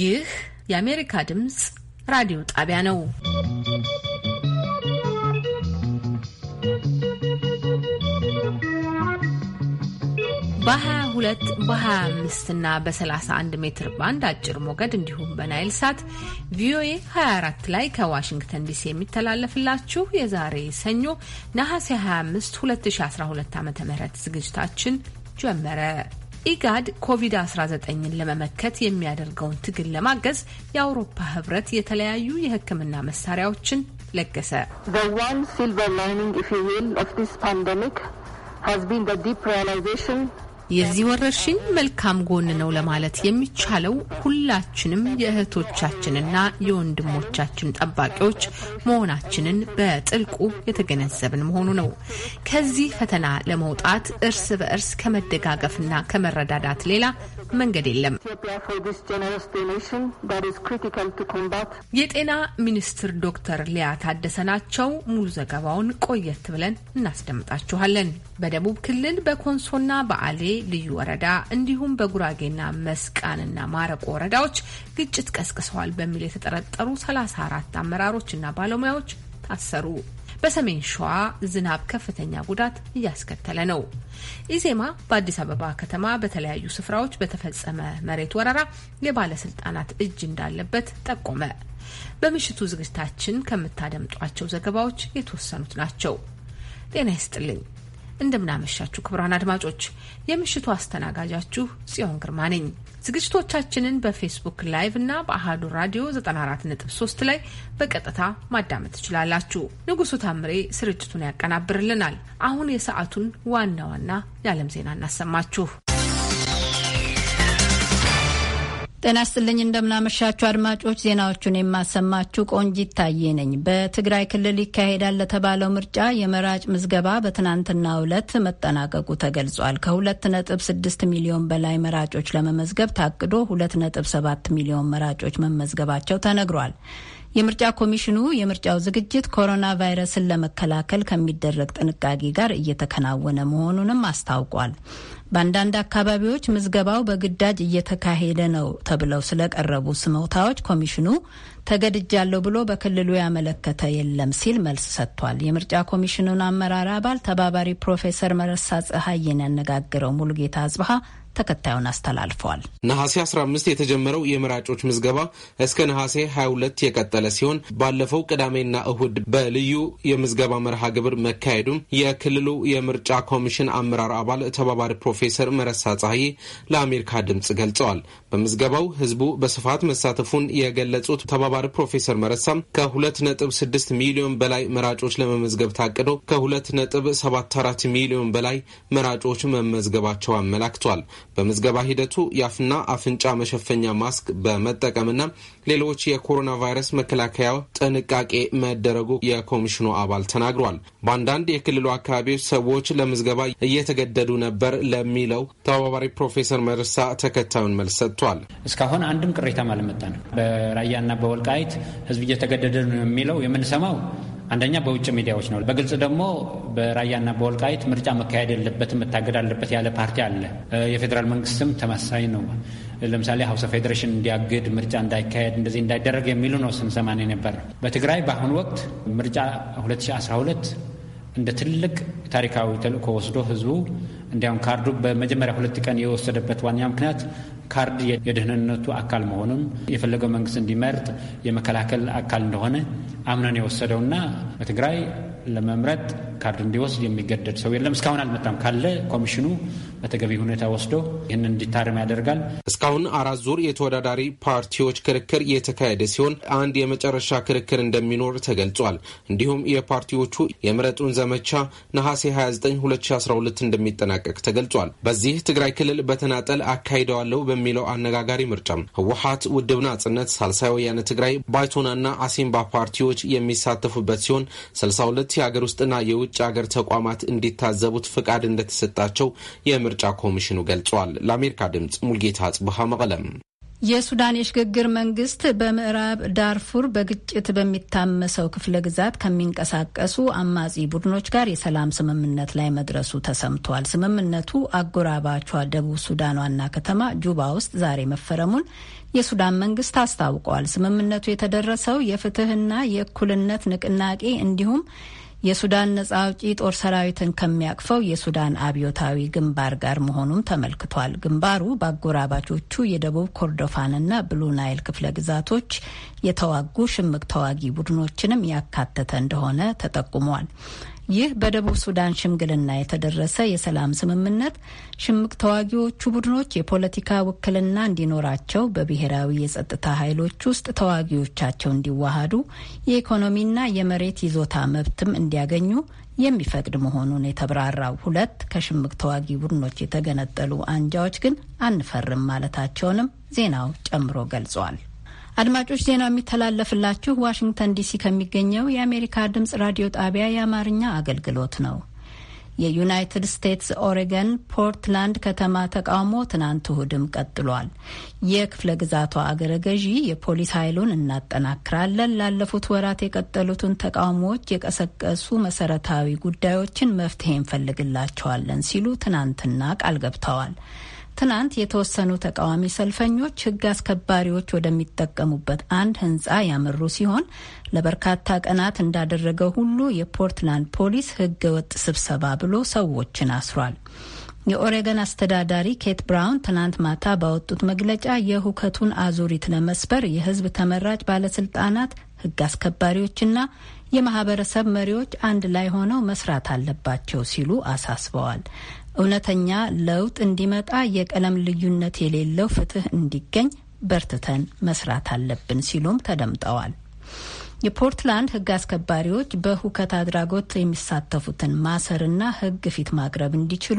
ይህ የአሜሪካ ድምፅ ራዲዮ ጣቢያ ነው። በ22 በ25 እና በ31 ሜትር ባንድ አጭር ሞገድ እንዲሁም በናይል ሳት ቪኦኤ 24 ላይ ከዋሽንግተን ዲሲ የሚተላለፍላችሁ የዛሬ ሰኞ ነሐሴ 25 2012 ዓ ም ዝግጅታችን ጀመረ። ኢጋድ ኮቪድ-19ን ለመመከት የሚያደርገውን ትግል ለማገዝ የአውሮፓ ህብረት የተለያዩ የሕክምና መሳሪያዎችን ለገሰ። ሲልቨር ላይኒንግ ኦፍ ዲስ ፓንደሚክ ሃዝ ቢን ዲፕ ሪያላይዜሽን የዚህ ወረርሽኝ መልካም ጎን ነው ለማለት የሚቻለው ሁላችንም የእህቶቻችንና የወንድሞቻችን ጠባቂዎች መሆናችንን በጥልቁ የተገነዘብን መሆኑ ነው። ከዚህ ፈተና ለመውጣት እርስ በእርስ ከመደጋገፍና ከመረዳዳት ሌላ መንገድ የለም። የጤና ሚኒስትር ዶክተር ሊያ ታደሰ ናቸው። ሙሉ ዘገባውን ቆየት ብለን እናስደምጣችኋለን። በደቡብ ክልል በኮንሶና በአሌ ልዩ ወረዳ እንዲሁም በጉራጌና መስቃንና ማረቆ ወረዳዎች ግጭት ቀስቅሰዋል በሚል የተጠረጠሩ 34 አመራሮች እና ባለሙያዎች ታሰሩ። በሰሜን ሸዋ ዝናብ ከፍተኛ ጉዳት እያስከተለ ነው። ኢዜማ በአዲስ አበባ ከተማ በተለያዩ ስፍራዎች በተፈጸመ መሬት ወረራ የባለስልጣናት እጅ እንዳለበት ጠቆመ። በምሽቱ ዝግጅታችን ከምታደምጧቸው ዘገባዎች የተወሰኑት ናቸው። ጤና ይስጥልኝ። እንደምናመሻችሁ ክቡራን አድማጮች፣ የምሽቱ አስተናጋጃችሁ ጽዮን ግርማ ነኝ። ዝግጅቶቻችንን በፌስቡክ ላይቭ እና በአህዱ ራዲዮ 943 ላይ በቀጥታ ማዳመጥ ትችላላችሁ። ንጉሱ ታምሬ ስርጭቱን ያቀናብርልናል። አሁን የሰዓቱን ዋና ዋና የዓለም ዜና እናሰማችሁ። ጤና ይስጥልኝ እንደምናመሻችሁ አድማጮች፣ ዜናዎቹን የማሰማችሁ ቆንጂት ታዬ ነኝ። በትግራይ ክልል ይካሄዳል ለተባለው ምርጫ የመራጭ ምዝገባ በትናንትናው ዕለት መጠናቀቁ ተገልጿል። ከ2.6 ሚሊዮን በላይ መራጮች ለመመዝገብ ታቅዶ 2.7 ሚሊዮን መራጮች መመዝገባቸው ተነግሯል። የምርጫ ኮሚሽኑ የምርጫው ዝግጅት ኮሮና ቫይረስን ለመከላከል ከሚደረግ ጥንቃቄ ጋር እየተከናወነ መሆኑንም አስታውቋል። በአንዳንድ አካባቢዎች ምዝገባው በግዳጅ እየተካሄደ ነው ተብለው ስለቀረቡ ስሞታዎች ኮሚሽኑ ተገድጃለሁ ብሎ በክልሉ ያመለከተ የለም ሲል መልስ ሰጥቷል። የምርጫ ኮሚሽኑን አመራር አባል ተባባሪ ፕሮፌሰር መረሳ ፀሐይን ያነጋግረው ሙሉጌታ አጽብሃ ተከታዩን አስተላልፈዋል። ነሐሴ 15 የተጀመረው የመራጮች ምዝገባ እስከ ነሐሴ 22 የቀጠለ ሲሆን ባለፈው ቅዳሜና እሁድ በልዩ የምዝገባ መርሃ ግብር መካሄዱም የክልሉ የምርጫ ኮሚሽን አመራር አባል ተባባሪ ፕሮፌሰር መረሳ ጸሐዬ ለአሜሪካ ድምፅ ገልጸዋል። በምዝገባው ህዝቡ በስፋት መሳተፉን የገለጹት ተባባሪ ፕሮፌሰር መረሳም ከ2.6 ሚሊዮን በላይ መራጮች ለመመዝገብ ታቅዶ ከ2.74 ሚሊዮን በላይ መራጮች መመዝገባቸው አመላክቷል። በምዝገባ ሂደቱ የአፍና አፍንጫ መሸፈኛ ማስክ በመጠቀምና ሌሎች የኮሮና ቫይረስ መከላከያ ጥንቃቄ መደረጉ የኮሚሽኑ አባል ተናግሯል። በአንዳንድ የክልሉ አካባቢዎች ሰዎች ለምዝገባ እየተገደዱ ነበር ለሚለው ተባባሪ ፕሮፌሰር መርሳ ተከታዩን መልስ ሰጥቷል። እስካሁን አንድም ቅሬታም ነው። በራያና በወልቃይት ህዝብ እየተገደደ ነው የሚለው የምንሰማው አንደኛ በውጭ ሚዲያዎች ነው። በግልጽ ደግሞ በራያና በወልቃይት ምርጫ መካሄድ የለበትም መታገድ አለበት ያለ ፓርቲ አለ። የፌዴራል መንግስትም ተመሳሳይ ነው። ለምሳሌ ሀውሰ ፌዴሬሽን እንዲያግድ ምርጫ እንዳይካሄድ እንደዚህ እንዳይደረግ የሚሉ ነው ስንሰማን ነበር። በትግራይ በአሁኑ ወቅት ምርጫ 2012 እንደ ትልቅ ታሪካዊ ተልእኮ ወስዶ ህዝቡ እንዲያውም ካርዱ በመጀመሪያ ሁለት ቀን የወሰደበት ዋንኛ ምክንያት ካርድ የደህንነቱ አካል መሆኑን የፈለገው መንግስት እንዲመርጥ የመከላከል አካል እንደሆነ አምነን የወሰደውና በትግራይ ለመምረጥ ካርድ እንዲወስድ የሚገደድ ሰው የለም። እስካሁን አልመጣም። ካለ ኮሚሽኑ በተገቢ ሁኔታ ወስዶ ይህንን እንዲታርም ያደርጋል። እስካሁን አራት ዙር የተወዳዳሪ ፓርቲዎች ክርክር የተካሄደ ሲሆን አንድ የመጨረሻ ክርክር እንደሚኖር ተገልጿል። እንዲሁም የፓርቲዎቹ የምረጡን ዘመቻ ነሐሴ 29 2012 እንደሚጠናቀቅ ተገልጿል። በዚህ ትግራይ ክልል በተናጠል አካሂደዋለሁ በሚለው አነጋጋሪ ምርጫም ህወሀት፣ ውድብ ናጽነት፣ ሳልሳይ ወያነ ትግራይ፣ ባይቶናና አሲምባ ፓርቲዎች የሚሳተፉበት ሲሆን 62 የአገር ውስጥና የውጭ አገር ተቋማት እንዲታዘቡት ፍቃድ እንደተሰጣቸው የምር ምርጫ ኮሚሽኑ ገልጿል። ለአሜሪካ ድምፅ ሙልጌታ አጽብሃ መቀለም። የሱዳን የሽግግር መንግስት በምዕራብ ዳርፉር በግጭት በሚታመሰው ክፍለ ግዛት ከሚንቀሳቀሱ አማጺ ቡድኖች ጋር የሰላም ስምምነት ላይ መድረሱ ተሰምቷል። ስምምነቱ አጎራባቿ ደቡብ ሱዳን ዋና ከተማ ጁባ ውስጥ ዛሬ መፈረሙን የሱዳን መንግስት አስታውቋል። ስምምነቱ የተደረሰው የፍትህና የእኩልነት ንቅናቄ እንዲሁም የሱዳን ነጻ አውጪ ጦር ሰራዊትን ከሚያቅፈው የሱዳን አብዮታዊ ግንባር ጋር መሆኑም ተመልክቷል። ግንባሩ በአጎራባቾቹ የደቡብ ኮርዶፋንና ብሉ ናይል ክፍለ ግዛቶች የተዋጉ ሽምቅ ተዋጊ ቡድኖችንም ያካተተ እንደሆነ ተጠቁሟል። ይህ በደቡብ ሱዳን ሽምግልና የተደረሰ የሰላም ስምምነት ሽምቅ ተዋጊዎቹ ቡድኖች የፖለቲካ ውክልና እንዲኖራቸው፣ በብሔራዊ የጸጥታ ኃይሎች ውስጥ ተዋጊዎቻቸው እንዲዋሃዱ፣ የኢኮኖሚና የመሬት ይዞታ መብትም እንዲያገኙ የሚፈቅድ መሆኑን የተብራራው ሁለት ከሽምቅ ተዋጊ ቡድኖች የተገነጠሉ አንጃዎች ግን አንፈርም ማለታቸውንም ዜናው ጨምሮ ገልጿል። አድማጮች ዜናው የሚተላለፍላችሁ ዋሽንግተን ዲሲ ከሚገኘው የአሜሪካ ድምጽ ራዲዮ ጣቢያ የአማርኛ አገልግሎት ነው። የዩናይትድ ስቴትስ ኦሬገን ፖርትላንድ ከተማ ተቃውሞ ትናንት እሁድም ቀጥሏል። የክፍለ ግዛቷ አገረ ገዢ የፖሊስ ኃይሉን እናጠናክራለን፣ ላለፉት ወራት የቀጠሉትን ተቃውሞዎች የቀሰቀሱ መሰረታዊ ጉዳዮችን መፍትሄ እንፈልግላቸዋለን ሲሉ ትናንትና ቃል ገብተዋል። ትናንት የተወሰኑ ተቃዋሚ ሰልፈኞች ሕግ አስከባሪዎች ወደሚጠቀሙበት አንድ ሕንፃ ያመሩ ሲሆን ለበርካታ ቀናት እንዳደረገው ሁሉ የፖርትላንድ ፖሊስ ሕገ ወጥ ስብሰባ ብሎ ሰዎችን አስሯል። የኦሬገን አስተዳዳሪ ኬት ብራውን ትናንት ማታ ባወጡት መግለጫ የሁከቱን አዙሪት ለመስበር የህዝብ ተመራጭ ባለስልጣናት፣ ህግ አስከባሪዎችና የማህበረሰብ መሪዎች አንድ ላይ ሆነው መስራት አለባቸው ሲሉ አሳስበዋል። እውነተኛ ለውጥ እንዲመጣ የቀለም ልዩነት የሌለው ፍትህ እንዲገኝ በርትተን መስራት አለብን ሲሉም ተደምጠዋል። የፖርትላንድ ህግ አስከባሪዎች በሁከት አድራጎት የሚሳተፉትን ማሰርና ህግ ፊት ማቅረብ እንዲችሉ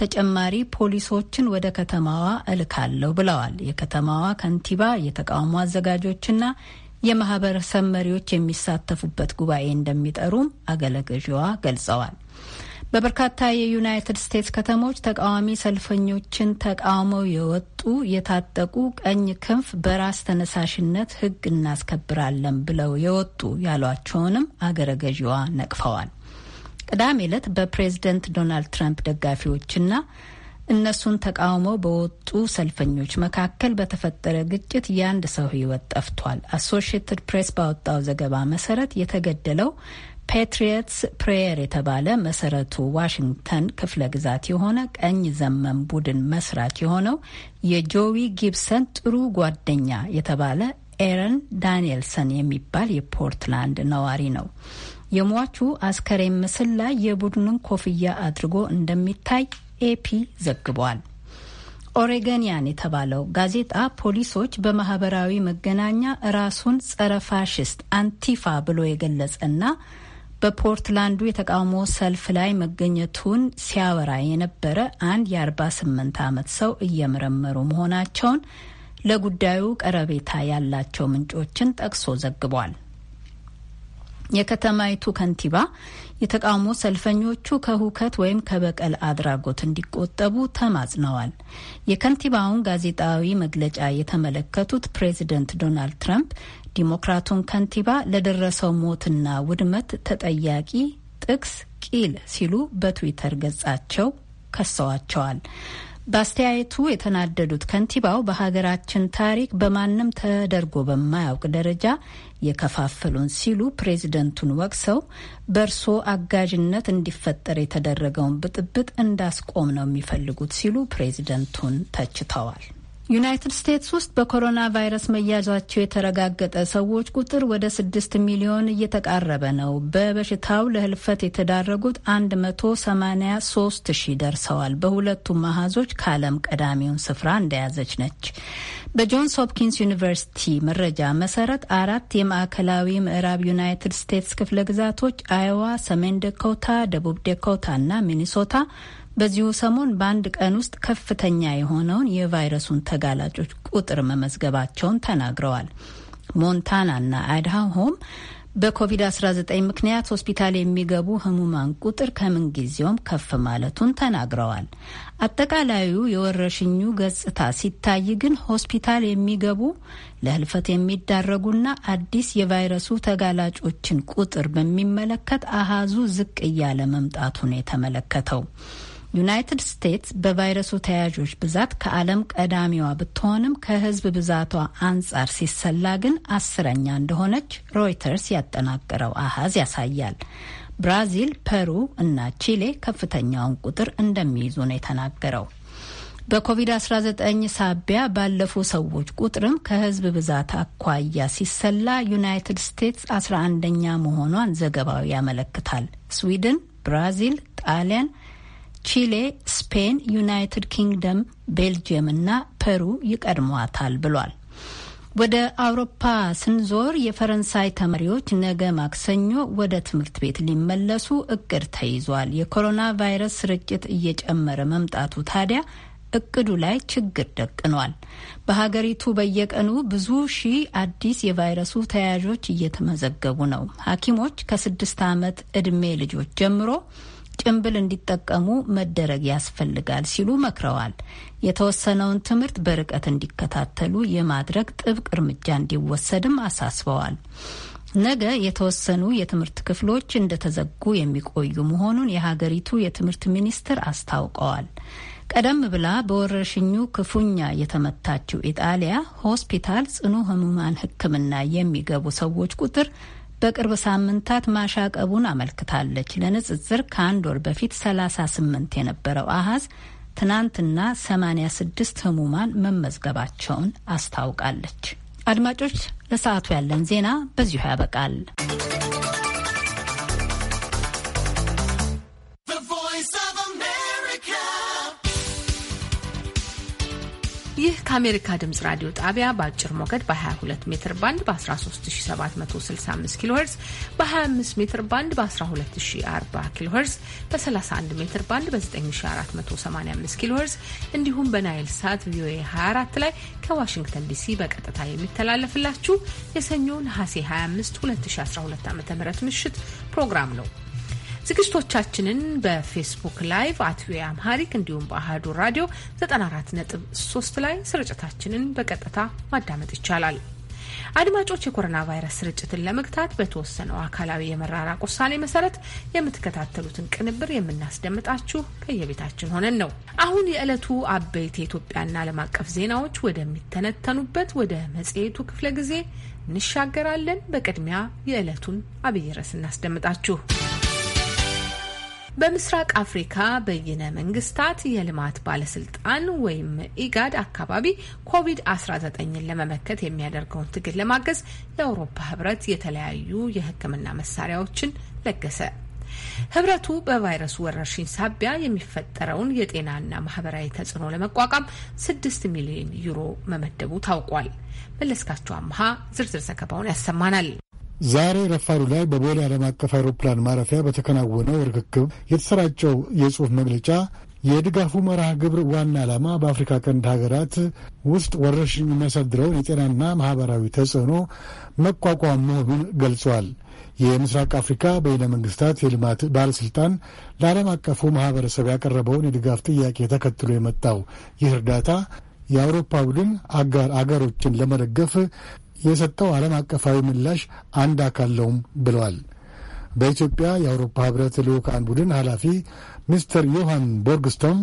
ተጨማሪ ፖሊሶችን ወደ ከተማዋ እልካለሁ ብለዋል። የከተማዋ ከንቲባ የተቃውሞ አዘጋጆችና የማህበረሰብ መሪዎች የሚሳተፉበት ጉባኤ እንደሚጠሩም አገለገዥዋ ገልጸዋል። በበርካታ የዩናይትድ ስቴትስ ከተሞች ተቃዋሚ ሰልፈኞችን ተቃውመው የወጡ የታጠቁ ቀኝ ክንፍ በራስ ተነሳሽነት ሕግ እናስከብራለን ብለው የወጡ ያሏቸውንም አገረ ገዢዋ ነቅፈዋል። ቅዳሜ ዕለት በፕሬዝደንት ዶናልድ ትራምፕ ደጋፊዎችና እነሱን ተቃውመው በወጡ ሰልፈኞች መካከል በተፈጠረ ግጭት የአንድ ሰው ህይወት ጠፍቷል። አሶሽየትድ ፕሬስ ባወጣው ዘገባ መሰረት የተገደለው ፔትሪየትስ ፕሬየር የተባለ መሰረቱ ዋሽንግተን ክፍለ ግዛት የሆነ ቀኝ ዘመም ቡድን መስራች የሆነው የጆዊ ጊብሰን ጥሩ ጓደኛ የተባለ ኤረን ዳንኤልሰን የሚባል የፖርትላንድ ነዋሪ ነው። የሟቹ አስከሬን ምስል ላይ የቡድኑን ኮፍያ አድርጎ እንደሚታይ ኤፒ ዘግቧል። ኦሬገኒያን የተባለው ጋዜጣ ፖሊሶች በማህበራዊ መገናኛ ራሱን ጸረ ፋሽስት አንቲፋ ብሎ የገለጸና በፖርትላንዱ የተቃውሞ ሰልፍ ላይ መገኘቱን ሲያወራ የነበረ አንድ የ48 ዓመት ሰው እየመረመሩ መሆናቸውን ለጉዳዩ ቀረቤታ ያላቸው ምንጮችን ጠቅሶ ዘግቧል። የከተማይቱ ከንቲባ የተቃውሞ ሰልፈኞቹ ከሁከት ወይም ከበቀል አድራጎት እንዲቆጠቡ ተማጽነዋል። የከንቲባውን ጋዜጣዊ መግለጫ የተመለከቱት ፕሬዚደንት ዶናልድ ትራምፕ ዲሞክራቱን ከንቲባ ለደረሰው ሞትና ውድመት ተጠያቂ ጥቅስ ቂል ሲሉ በትዊተር ገጻቸው ከሰዋቸዋል። በአስተያየቱ የተናደዱት ከንቲባው በሀገራችን ታሪክ በማንም ተደርጎ በማያውቅ ደረጃ የከፋፈሉን ሲሉ ፕሬዚደንቱን ወቅሰው በእርሶ አጋዥነት እንዲፈጠር የተደረገውን ብጥብጥ እንዳስቆም ነው የሚፈልጉት ሲሉ ፕሬዚደንቱን ተችተዋል። ዩናይትድ ስቴትስ ውስጥ በኮሮና ቫይረስ መያዛቸው የተረጋገጠ ሰዎች ቁጥር ወደ ስድስት ሚሊዮን እየተቃረበ ነው። በበሽታው ለህልፈት የተዳረጉት አንድ መቶ ሰማኒያ ሶስት ሺህ ደርሰዋል። በሁለቱም አሃዞች ከዓለም ቀዳሚውን ስፍራ እንደያዘች ነች። በጆንስ ሆፕኪንስ ዩኒቨርሲቲ መረጃ መሰረት አራት የማዕከላዊ ምዕራብ ዩናይትድ ስቴትስ ክፍለ ግዛቶች አይዋ፣ ሰሜን ዴኮታ፣ ደቡብ ዴኮታ እና ሚኒሶታ በዚሁ ሰሞን በአንድ ቀን ውስጥ ከፍተኛ የሆነውን የቫይረሱን ተጋላጮች ቁጥር መመዝገባቸውን ተናግረዋል። ሞንታናና አድሃሆም በኮቪድ-19 ምክንያት ሆስፒታል የሚገቡ ህሙማን ቁጥር ከምንጊዜውም ከፍ ማለቱን ተናግረዋል። አጠቃላዩ የወረሽኙ ገጽታ ሲታይ ግን ሆስፒታል የሚገቡ ለህልፈት የሚዳረጉና አዲስ የቫይረሱ ተጋላጮችን ቁጥር በሚመለከት አሃዙ ዝቅ እያለ መምጣቱ ነው የተመለከተው። ዩናይትድ ስቴትስ በቫይረሱ ተያዦች ብዛት ከዓለም ቀዳሚዋ ብትሆንም ከህዝብ ብዛቷ አንጻር ሲሰላ ግን አስረኛ እንደሆነች ሮይተርስ ያጠናቀረው አሃዝ ያሳያል። ብራዚል፣ ፐሩ እና ቺሌ ከፍተኛውን ቁጥር እንደሚይዙ ነው የተናገረው። በኮቪድ-19 ሳቢያ ባለፉ ሰዎች ቁጥርም ከህዝብ ብዛት አኳያ ሲሰላ ዩናይትድ ስቴትስ 11ኛ መሆኗን ዘገባው ያመለክታል። ስዊድን፣ ብራዚል፣ ጣሊያን ቺሌ፣ ስፔን፣ ዩናይትድ ኪንግደም፣ ቤልጅየም እና ፔሩ ይቀድሟታል ብሏል። ወደ አውሮፓ ስንዞር የፈረንሳይ ተማሪዎች ነገ ማክሰኞ ወደ ትምህርት ቤት ሊመለሱ እቅድ ተይዟል። የኮሮና ቫይረስ ስርጭት እየጨመረ መምጣቱ ታዲያ እቅዱ ላይ ችግር ደቅኗል። በሀገሪቱ በየቀኑ ብዙ ሺህ አዲስ የቫይረሱ ተያዦች እየተመዘገቡ ነው። ሐኪሞች ከስድስት ዓመት ዕድሜ ልጆች ጀምሮ ጭንብል እንዲጠቀሙ መደረግ ያስፈልጋል ሲሉ መክረዋል። የተወሰነውን ትምህርት በርቀት እንዲከታተሉ የማድረግ ጥብቅ እርምጃ እንዲወሰድም አሳስበዋል። ነገ የተወሰኑ የትምህርት ክፍሎች እንደተዘጉ የሚቆዩ መሆኑን የሀገሪቱ የትምህርት ሚኒስትር አስታውቀዋል። ቀደም ብላ በወረርሽኙ ክፉኛ የተመታችው ኢጣሊያ ሆስፒታል ጽኑ ህሙማን ሕክምና የሚገቡ ሰዎች ቁጥር በቅርብ ሳምንታት ማሻቀቡን አመልክታለች። ለንጽጽር ከአንድ ወር በፊት 38 የነበረው አሃዝ ትናንትና 86 ህሙማን መመዝገባቸውን አስታውቃለች። አድማጮች፣ ለሰዓቱ ያለን ዜና በዚሁ ያበቃል። ይህ ከአሜሪካ ድምጽ ራዲዮ ጣቢያ በአጭር ሞገድ በ22 ሜትር ባንድ በ13765 ኪሎ ሄርዝ በ25 ሜትር ባንድ በ1240 ኪሎ ሄርዝ በ31 ሜትር ባንድ በ9485 ኪሎ ሄርዝ እንዲሁም በናይል ሳት ቪኦኤ 24 ላይ ከዋሽንግተን ዲሲ በቀጥታ የሚተላለፍላችሁ የሰኞ ነሐሴ 25 2012 ዓ ም ምሽት ፕሮግራም ነው። ዝግጅቶቻችንን በፌስቡክ ላይቭ አት ቪኦኤ አምሃሪክ እንዲሁም በአህዱ ራዲዮ 94.3 ላይ ስርጭታችንን በቀጥታ ማዳመጥ ይቻላል። አድማጮች የኮሮና ቫይረስ ስርጭትን ለመግታት በተወሰነው አካላዊ የመራራቅ ውሳኔ መሰረት የምትከታተሉትን ቅንብር የምናስደምጣችሁ ከየቤታችን ሆነን ነው። አሁን የዕለቱ አበይት የኢትዮጵያና ዓለም አቀፍ ዜናዎች ወደሚተነተኑበት ወደ መጽሔቱ ክፍለ ጊዜ እንሻገራለን። በቅድሚያ የዕለቱን አብይ ርዕስ እናስደምጣችሁ። በምስራቅ አፍሪካ በይነ መንግስታት የልማት ባለስልጣን ወይም ኢጋድ አካባቢ ኮቪድ-19ን ለመመከት የሚያደርገውን ትግል ለማገዝ የአውሮፓ ህብረት የተለያዩ የህክምና መሳሪያዎችን ለገሰ። ህብረቱ በቫይረሱ ወረርሽኝ ሳቢያ የሚፈጠረውን የጤናና ማህበራዊ ተጽዕኖ ለመቋቋም ስድስት ሚሊዮን ዩሮ መመደቡ ታውቋል። መለስካቸው አምሀ ዝርዝር ዘገባውን ያሰማናል። ዛሬ ረፋዱ ላይ በቦሌ ዓለም አቀፍ አውሮፕላን ማረፊያ በተከናወነው ርክክብ የተሰራጨው የጽሑፍ መግለጫ የድጋፉ መርሃ ግብር ዋና ዓላማ በአፍሪካ ቀንድ ሀገራት ውስጥ ወረርሽኝ የሚያሳድረውን የጤናና ማህበራዊ ተጽዕኖ መቋቋም መሆኑን ገልጿል። የምስራቅ አፍሪካ በይነ መንግስታት የልማት ባለስልጣን ለዓለም አቀፉ ማህበረሰብ ያቀረበውን የድጋፍ ጥያቄ ተከትሎ የመጣው ይህ እርዳታ የአውሮፓ ቡድን አጋር አገሮችን ለመደገፍ የሰጠው ዓለም አቀፋዊ ምላሽ አንድ ነውም ብለዋል። በኢትዮጵያ የአውሮፓ ህብረት ልዑካን ቡድን ኃላፊ ሚስተር ዮሐን ቦርግስቶም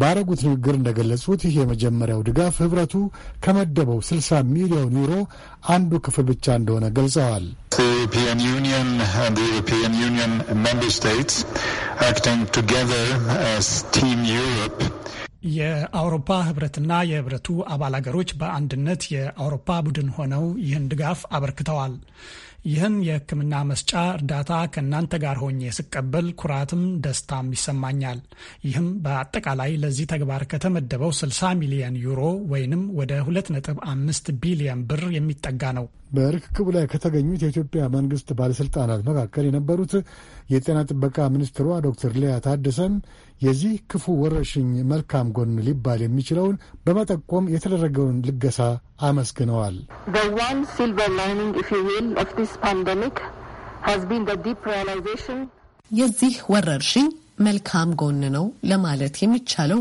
ባረጉት ንግግር እንደገለጹት ይህ የመጀመሪያው ድጋፍ ህብረቱ ከመደበው 60 ሚሊዮን ዩሮ አንዱ ክፍል ብቻ እንደሆነ ገልጸዋል። የአውሮፓ ህብረትና የህብረቱ አባል አገሮች በአንድነት የአውሮፓ ቡድን ሆነው ይህን ድጋፍ አበርክተዋል። ይህን የህክምና መስጫ እርዳታ ከእናንተ ጋር ሆኜ ስቀበል ኩራትም ደስታም ይሰማኛል። ይህም በአጠቃላይ ለዚህ ተግባር ከተመደበው 60 ሚሊየን ዩሮ ወይንም ወደ 2.5 ቢሊየን ብር የሚጠጋ ነው። በርክክቡ ላይ ከተገኙት የኢትዮጵያ መንግስት ባለሥልጣናት መካከል የነበሩት የጤና ጥበቃ ሚኒስትሯ ዶክተር ሊያ ታደሰም የዚህ ክፉ ወረርሽኝ መልካም ጎን ሊባል የሚችለውን በመጠቆም የተደረገውን ልገሳ አመስግነዋል። የዚህ ወረርሽኝ መልካም ጎን ነው ለማለት የሚቻለው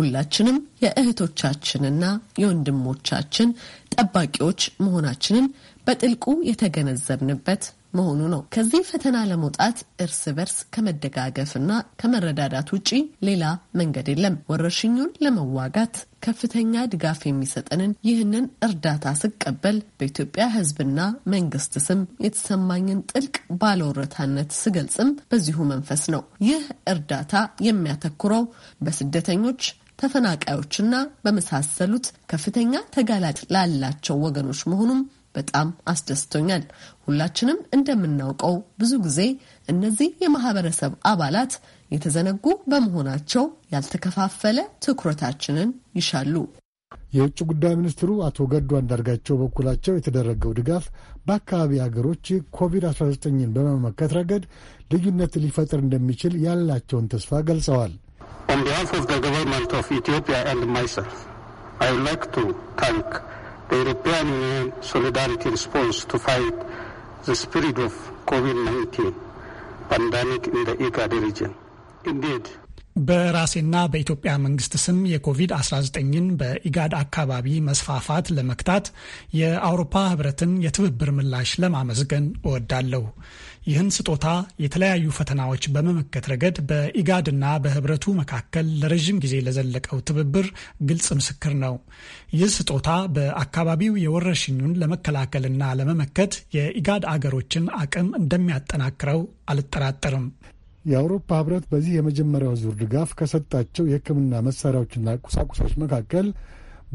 ሁላችንም የእህቶቻችንና የወንድሞቻችን ጠባቂዎች መሆናችንን በጥልቁ የተገነዘብንበት መሆኑ ነው። ከዚህ ፈተና ለመውጣት እርስ በርስ ከመደጋገፍና ከመረዳዳት ውጪ ሌላ መንገድ የለም። ወረርሽኙን ለመዋጋት ከፍተኛ ድጋፍ የሚሰጠንን ይህንን እርዳታ ስቀበል በኢትዮጵያ ሕዝብና መንግስት ስም የተሰማኝን ጥልቅ ባለወረታነት ስገልጽም በዚሁ መንፈስ ነው። ይህ እርዳታ የሚያተኩረው በስደተኞች ተፈናቃዮችና በመሳሰሉት ከፍተኛ ተጋላጭ ላላቸው ወገኖች መሆኑም በጣም አስደስቶኛል። ሁላችንም እንደምናውቀው ብዙ ጊዜ እነዚህ የማህበረሰብ አባላት የተዘነጉ በመሆናቸው ያልተከፋፈለ ትኩረታችንን ይሻሉ። የውጭ ጉዳይ ሚኒስትሩ አቶ ገዱ አንዳርጋቸው በኩላቸው የተደረገው ድጋፍ በአካባቢ ሀገሮች ኮቪድ-19ን በመመከት ረገድ ልዩነት ሊፈጥር እንደሚችል ያላቸውን ተስፋ ገልጸዋል። On behalf of the government of Ethiopia and myself, I would like to thank the European Union solidarity response to fight the spread of COVID-19 pandemic in the IGAD region. Indeed, በራሴና በኢትዮጵያ መንግስት ስም የኮቪድ-19ን በኢጋድ አካባቢ መስፋፋት ለመክታት የአውሮፓ ህብረትን የትብብር ምላሽ ለማመስገን እወዳለሁ። ይህን ስጦታ የተለያዩ ፈተናዎች በመመከት ረገድ በኢጋድና በህብረቱ መካከል ለረዥም ጊዜ ለዘለቀው ትብብር ግልጽ ምስክር ነው። ይህ ስጦታ በአካባቢው የወረርሽኙን ለመከላከልና ለመመከት የኢጋድ አገሮችን አቅም እንደሚያጠናክረው አልጠራጠርም። የአውሮፓ ህብረት በዚህ የመጀመሪያው ዙር ድጋፍ ከሰጣቸው የህክምና መሳሪያዎችና ቁሳቁሶች መካከል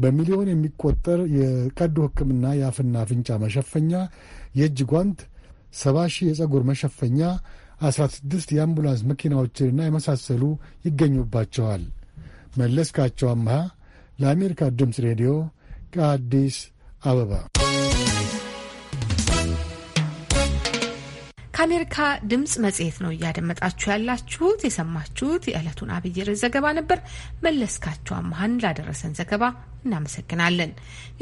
በሚሊዮን የሚቆጠር የቀዶ ህክምና የአፍና አፍንጫ መሸፈኛ፣ የእጅ ጓንት፣ ሰባ ሺህ የጸጉር መሸፈኛ፣ ስድስት የአምቡላንስ መኪናዎችንና የመሳሰሉ ይገኙባቸዋል። መለስካቸው አምሃ ለአሜሪካ ድምፅ ሬዲዮ ከአዲስ አበባ ከአሜሪካ ድምፅ መጽሔት ነው እያደመጣችሁ ያላችሁት። የሰማችሁት የዕለቱን አብይ ርዕስ ዘገባ ነበር። መለስካቸው አመሀን ላደረሰን ዘገባ እናመሰግናለን።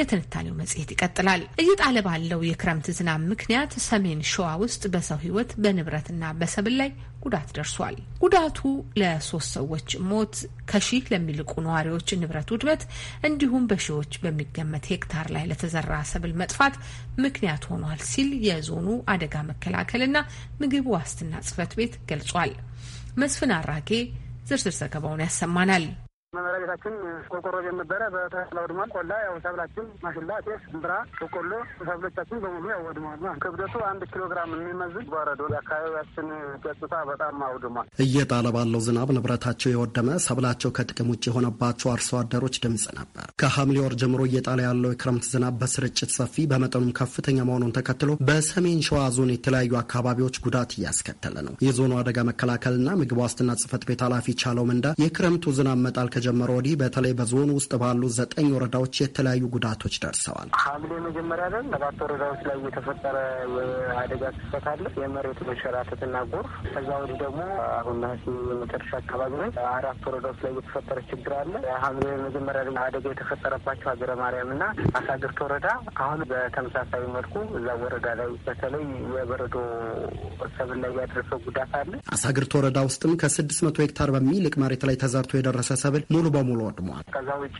የትንታኔው መጽሔት ይቀጥላል። እየጣለ ባለው የክረምት ዝናብ ምክንያት ሰሜን ሸዋ ውስጥ በሰው ሕይወት በንብረትና በሰብል ላይ ጉዳት ደርሷል። ጉዳቱ ለሶስት ሰዎች ሞት፣ ከሺህ ለሚልቁ ነዋሪዎች ንብረት ውድመት እንዲሁም በሺዎች በሚገመት ሄክታር ላይ ለተዘራ ሰብል መጥፋት ምክንያት ሆኗል ሲል የዞኑ አደጋ መከላከልና ምግብ ዋስትና ጽህፈት ቤት ገልጿል። መስፍን አራጌ ዝርዝር ዘገባውን ያሰማናል። መኖሪያ ቤታችን ቆርቆሮ ቤት ነበረ። በተላ ወድሟል። ቆላ ያው ሰብላችን ማሽላ፣ ጤፍ፣ ብራ፣ በቆሎ ሰብሎቻችን በሙሉ ያው ወድሟል። ክብደቱ አንድ ኪሎ ግራም የሚመዝግ በረዶ አካባቢያችን ገጽታ በጣም አውድሟል። እየጣለ ባለው ዝናብ ንብረታቸው የወደመ ሰብላቸው ከጥቅም ውጭ የሆነባቸው አርሶ አደሮች ድምጽ ነበር። ከሐምሌ ወር ጀምሮ እየጣለ ያለው የክረምት ዝናብ በስርጭት ሰፊ በመጠኑም ከፍተኛ መሆኑን ተከትሎ በሰሜን ሸዋ ዞን የተለያዩ አካባቢዎች ጉዳት እያስከተለ ነው። የዞኑ አደጋ መከላከልና ምግብ ዋስትና ጽህፈት ቤት ኃላፊ ቻለው ምንዳ የክረምቱ ዝናብ መጣል ከተጀመረ ወዲህ በተለይ በዞኑ ውስጥ ባሉ ዘጠኝ ወረዳዎች የተለያዩ ጉዳቶች ደርሰዋል። ሐምሌ መጀመሪያ ላይ ሰባት ወረዳዎች ላይ የተፈጠረ የአደጋ ክስተት አለ። የመሬት መሸራተትና ጎርፍ። ከዛ ወዲህ ደግሞ አሁን ነሐሴ የመጨረሻ አካባቢ ላይ አራት ወረዳዎች ላይ የተፈጠረ ችግር አለ። ሐምሌ መጀመሪያ ደን አደጋ የተፈጠረባቸው ሀገረ ማርያምና አሳግርት ወረዳ አሁን በተመሳሳይ መልኩ እዛ ወረዳ ላይ በተለይ የበረዶ ሰብል ላይ ያደረሰው ጉዳት አለ። አሳግርት ወረዳ ውስጥም ከስድስት መቶ ሄክታር በሚልቅ መሬት ላይ ተዘርቶ የደረሰ ሰብል ሙሉ በሙሉ ወድመዋል። ከዛ ውጪ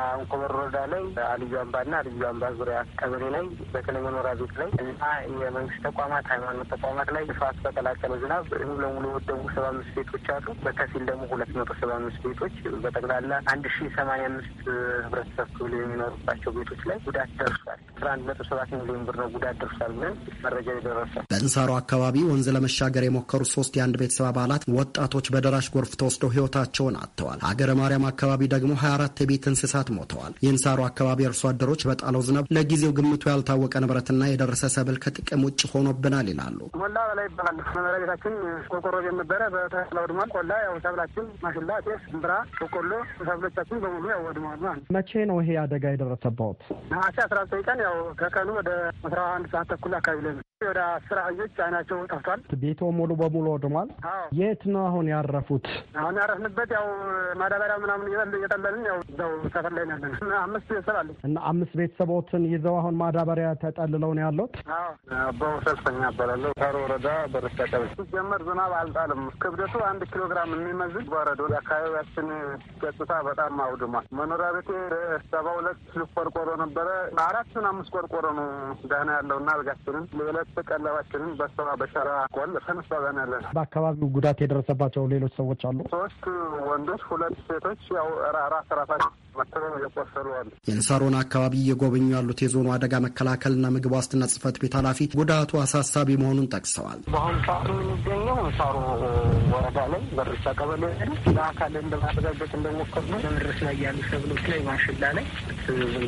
አንኮበር ወረዳ ላይ አልዩ አምባና አልዩ አምባ ዙሪያ ቀበሌ ላይ በተለይ መኖሪያ ቤት ላይ እና የመንግስት ተቋማት፣ ሃይማኖት ተቋማት ላይ ስፋት በቀላቀለ ዝናብ ሙሉ ለሙሉ የወደሙ ሰባ አምስት ቤቶች አሉ። በከፊል ደግሞ ሁለት መቶ ሰባ አምስት ቤቶች በጠቅላላ አንድ ሺ ሰማንያ አምስት ህብረተሰብ ክፍል የሚኖሩባቸው ቤቶች ላይ ጉዳት ደርሷል። አስራ አንድ መቶ ሰባት ሚሊዮን ብር ነው ጉዳት ደርሷል ብለን መረጃ የደረሰ በእንሳሮ አካባቢ ወንዝ ለመሻገር የሞከሩ ሶስት የአንድ ቤተሰብ አባላት ወጣቶች በደራሽ ጎርፍ ተወስደው ህይወታቸውን አጥተዋል። ሀገረ ማርያም አካባቢ ደግሞ 24 የቤት እንስሳት ሞተዋል። የእንሳሩ አካባቢ አርሶ አደሮች በጣለው ዝናብ ለጊዜው ግምቱ ያልታወቀ ንብረትና የደረሰ ሰብል ከጥቅም ውጭ ሆኖብናል ይላሉ። ሞላ በላይ ይባላል። መኖሪያ ቤታችን ቆርቆሮ ቤት በተላ ወድሟል። ቆላ ያው ሰብላችን ማሽላ፣ ጤፍ፣ ብራ፣ በቆሎ ሰብሎቻችን በሙሉ ያው ወድመዋል። መቼ ነው ይሄ አደጋ የደረሰባት? ነሐሴ አስራ ዘጠኝ ቀን ያው ከቀኑ ወደ አስራ አንድ ሰዓት ተኩል አካባቢ ላይ ነው ወደ አስር አህዮች አይናቸው ጠፍቷል። ቤቶ ሙሉ በሙሉ ወድሟል። የት ነው አሁን ያረፉት? አሁን ያረፍንበት ያው ማዳበሪያ ምናምን እየጠለልን ያው እዛው ሰፈር ላይ ያለን አምስት ቤተሰብ አለ እና አምስት ቤተሰቦትን ይዘው አሁን ማዳበሪያ ተጠልለው ነው ያሉት። አባው ሰልፈኛ እባላለሁ። ታሮ ወረዳ በረስታ ቀበሌ ሲጀመር ዝናብ አልጣልም። ክብደቱ አንድ ኪሎ ግራም የሚመዝን በረዶ የአካባቢያችን ገጽታ በጣም አውድሟል። መኖሪያ ቤቴ ሰባ ሁለት ቆርቆሮ ነበረ አራቱን አምስት ቆርቆሮ ነው ደህና ያለው እና በጋችንም ለሁለት ቀለባችንን በሰባ በሸራ ያለ ነው። በአካባቢው ጉዳት የደረሰባቸው ሌሎች ሰዎች አሉ። ሶስት ወንዶች፣ ሁለት ሴቶች ያው ራስ ራሳቸው የእንሳሮን አካባቢ እየጎበኙ ያሉት የዞኑ አደጋ መከላከልና ምግብ ዋስትና ጽሕፈት ቤት ኃላፊ ጉዳቱ አሳሳቢ መሆኑን ጠቅሰዋል። በአሁኑ ሰዓት የሚገኘው እንሳሮ ወረዳ ላይ በርሳ ቀበሌ ለአካል እንደማረጋገጥ እንደሞከር ነው። በምድረስ ላይ ያሉ ሰብሎች ላይ ማሽላ ላይ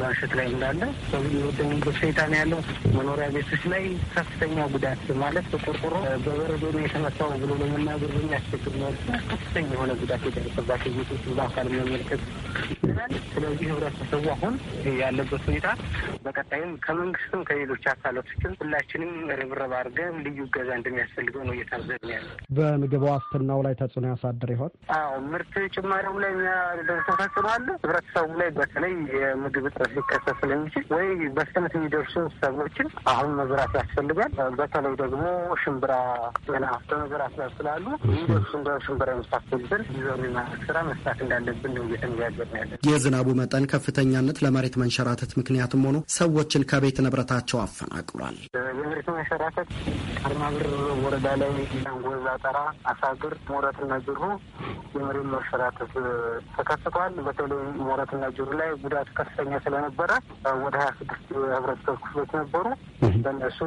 ባሸት ላይ እንዳለ ሰብሎች ሁኔታ ነው ያለው። መኖሪያ ቤቶች ላይ ሰፊ ከፍተኛ ጉዳት ማለት በቆርቆሮ በበረዶ ነው የተመታው ብሎ ለመናገር የሚያስቸግር ነው ከፍተኛ የሆነ ጉዳት የደረሰባቸው ቤቶች በአካል መመልከት ይችላል። ስለዚህ ህብረተሰቡ አሁን ያለበት ሁኔታ በቀጣይም ከመንግስትም ከሌሎች አካላቶችም ሁላችንም ርብርብ አድርገን ልዩ እገዛ እንደሚያስፈልገው ነው እየታዘብን ያለ። በምግብ ዋስትናው ላይ ተጽዕኖ ያሳድር ይሆን? አዎ ምርት ጭማሪው ላይ የሚያደርሰው ተጽዕኖ አለ። ህብረተሰቡ ላይ በተለይ የምግብ እጥረት ሊከሰት ስለሚችል ወይ በፍጥነት የሚደርሱ ሰብሎችን አሁን መዝራት ያስፈልጋል። ይገኛል። በተለይ ደግሞ ሽምብራ ገና በመዘር ላይ ስላሉ ይህሱን በሽምብራ የመሳሰሉትን ዘሩና ስራ መስራት እንዳለብን ነው እየተነጋገርን ያለ። የዝናቡ መጠን ከፍተኛነት ለመሬት መንሸራተት ምክንያትም ሆኖ ሰዎችን ከቤት ንብረታቸው አፈናቅሏል። የመሬት መንሸራተት አርማብር ወረዳ ላይ ጎዛ ጠራ፣ አሳግር፣ ሞረትና ጅሩ የመሬት መንሸራተት ተከስቷል። በተለይ ሞረትና ጅሩ ላይ ጉዳት ከፍተኛ ስለነበረ ወደ ሀያ ስድስት ህብረተሰብ ክፍሎች ነበሩ በእነሱ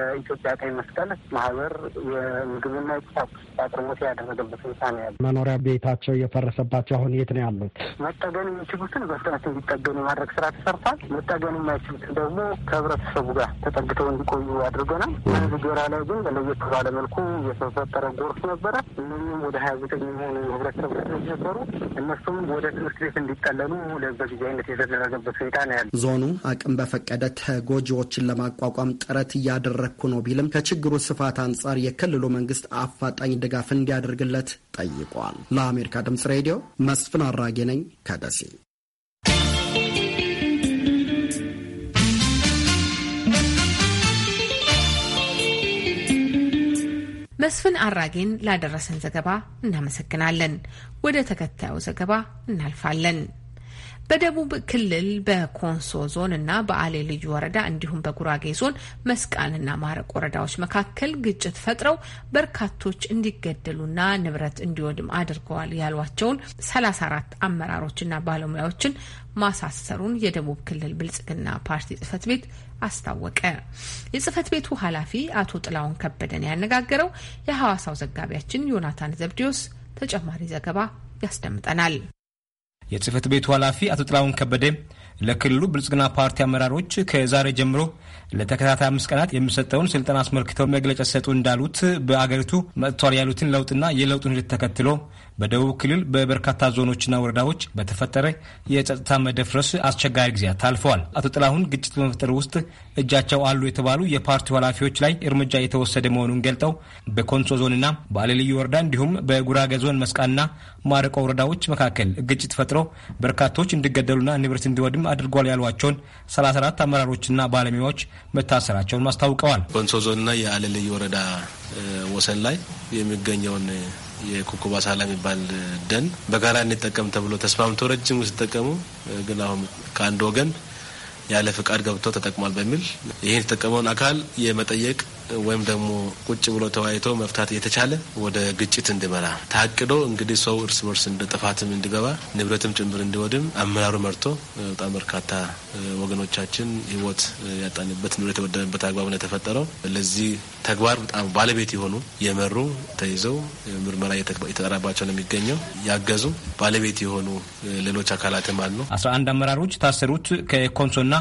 የኢትዮጵያ ቀይ መስቀል ማህበር የምግብና የቁሳቁስ አቅርቦት ያደረገበት ሁኔታ ነው ያለ። መኖሪያ ቤታቸው የፈረሰባቸው አሁን የት ነው ያሉት? መጠገን የሚችሉትን በፍጥነት እንዲጠገኑ የማድረግ ስራ ተሰርቷል። መጠገን የማይችሉትን ደግሞ ከህብረተሰቡ ጋር ተጠግተው እንዲቆዩ አድርገናል። አንድ ጆራ ላይ ግን በለየት ባለ መልኩ የተፈጠረ ጎርፍ ነበረ። እነኝም ወደ ሀያ ዘጠኝ የሚሆኑ ህብረተሰብ ነበሩ። እነሱም ወደ ትምህርት ቤት እንዲጠለሉ አይነት የተደረገበት ሁኔታ ነው ያለ። ዞኑ አቅም በፈቀደ ተጎጂዎችን ለማቋቋም ጥረት እያደረ እያደረግኩ ነው ቢልም ከችግሩ ስፋት አንጻር የክልሉ መንግስት አፋጣኝ ድጋፍ እንዲያደርግለት ጠይቋል። ለአሜሪካ ድምጽ ሬዲዮ መስፍን አራጌ ነኝ ከደሴ። መስፍን አራጌን ላደረሰን ዘገባ እናመሰግናለን። ወደ ተከታዩ ዘገባ እናልፋለን። በደቡብ ክልል በኮንሶ ዞን እና በአሌ ልዩ ወረዳ እንዲሁም በጉራጌ ዞን መስቃንና ማረቅ ወረዳዎች መካከል ግጭት ፈጥረው በርካቶች እንዲገደሉና ንብረት እንዲወድም አድርገዋል ያሏቸውን 34 አመራሮችና ባለሙያዎችን ማሳሰሩን የደቡብ ክልል ብልጽግና ፓርቲ ጽህፈት ቤት አስታወቀ። የጽህፈት ቤቱ ኃላፊ አቶ ጥላውን ከበደን ያነጋገረው የሐዋሳው ዘጋቢያችን ዮናታን ዘብዲዮስ ተጨማሪ ዘገባ ያስደምጠናል። የጽህፈት ቤቱ ኃላፊ አቶ ጥላሁን ከበደ ለክልሉ ብልጽግና ፓርቲ አመራሮች ከዛሬ ጀምሮ ለተከታታይ አምስት ቀናት የሚሰጠውን ስልጠና አስመልክተው መግለጫ ሰጡ እንዳሉት በአገሪቱ መጥቷል ያሉትን ለውጥና የለውጡን ሂደት ተከትሎ በደቡብ ክልል በበርካታ ዞኖችና ወረዳዎች በተፈጠረ የጸጥታ መደፍረስ አስቸጋሪ ጊዜያት አልፈዋል። አቶ ጥላሁን ግጭት በመፍጠር ውስጥ እጃቸው አሉ የተባሉ የፓርቲው ኃላፊዎች ላይ እርምጃ የተወሰደ መሆኑን ገልጠው በኮንሶ ዞንና በአለልዩ ወረዳ እንዲሁም በጉራጌ ዞን መስቃንና ማረቆ ወረዳዎች መካከል ግጭት ፈጥሮ በርካቶች እንዲገደሉና ንብረት እንዲወድም አድርጓል ያሏቸውን 34 አመራሮችና ባለሙያዎች መታሰራቸውን አስታውቀዋል። ኮንሶ ዞንና የአለልዩ ወረዳ ወሰን ላይ የሚገኘውን የኮከብ አሳላ የሚባል ደን በጋራ እንጠቀም ተብሎ ተስማምቶ ረጅም ሲጠቀሙ፣ ግን አሁን ከአንድ ወገን ያለ ፍቃድ ገብቶ ተጠቅሟል በሚል ይህን የተጠቀመውን አካል የመጠየቅ ወይም ደግሞ ቁጭ ብሎ ተወያይቶ መፍታት እየተቻለ ወደ ግጭት እንዲመራ ታቅዶ እንግዲህ ሰው እርስ በርስ እንደ ጥፋትም እንዲገባ ንብረትም ጭምር እንዲወድም አመራሩ መርቶ በጣም በርካታ ወገኖቻችን ህይወት ያጣንበት ንብረት የወደመበት አግባብ ነው የተፈጠረው። ለዚህ ተግባር በጣም ባለቤት የሆኑ የመሩ ተይዘው ምርመራ የተጠራባቸው ነው የሚገኘው ያገዙ ባለቤት የሆኑ ሌሎች አካላትም አሉ። አስራ አንድ አመራሮች ታሰሩት ከኮንሶና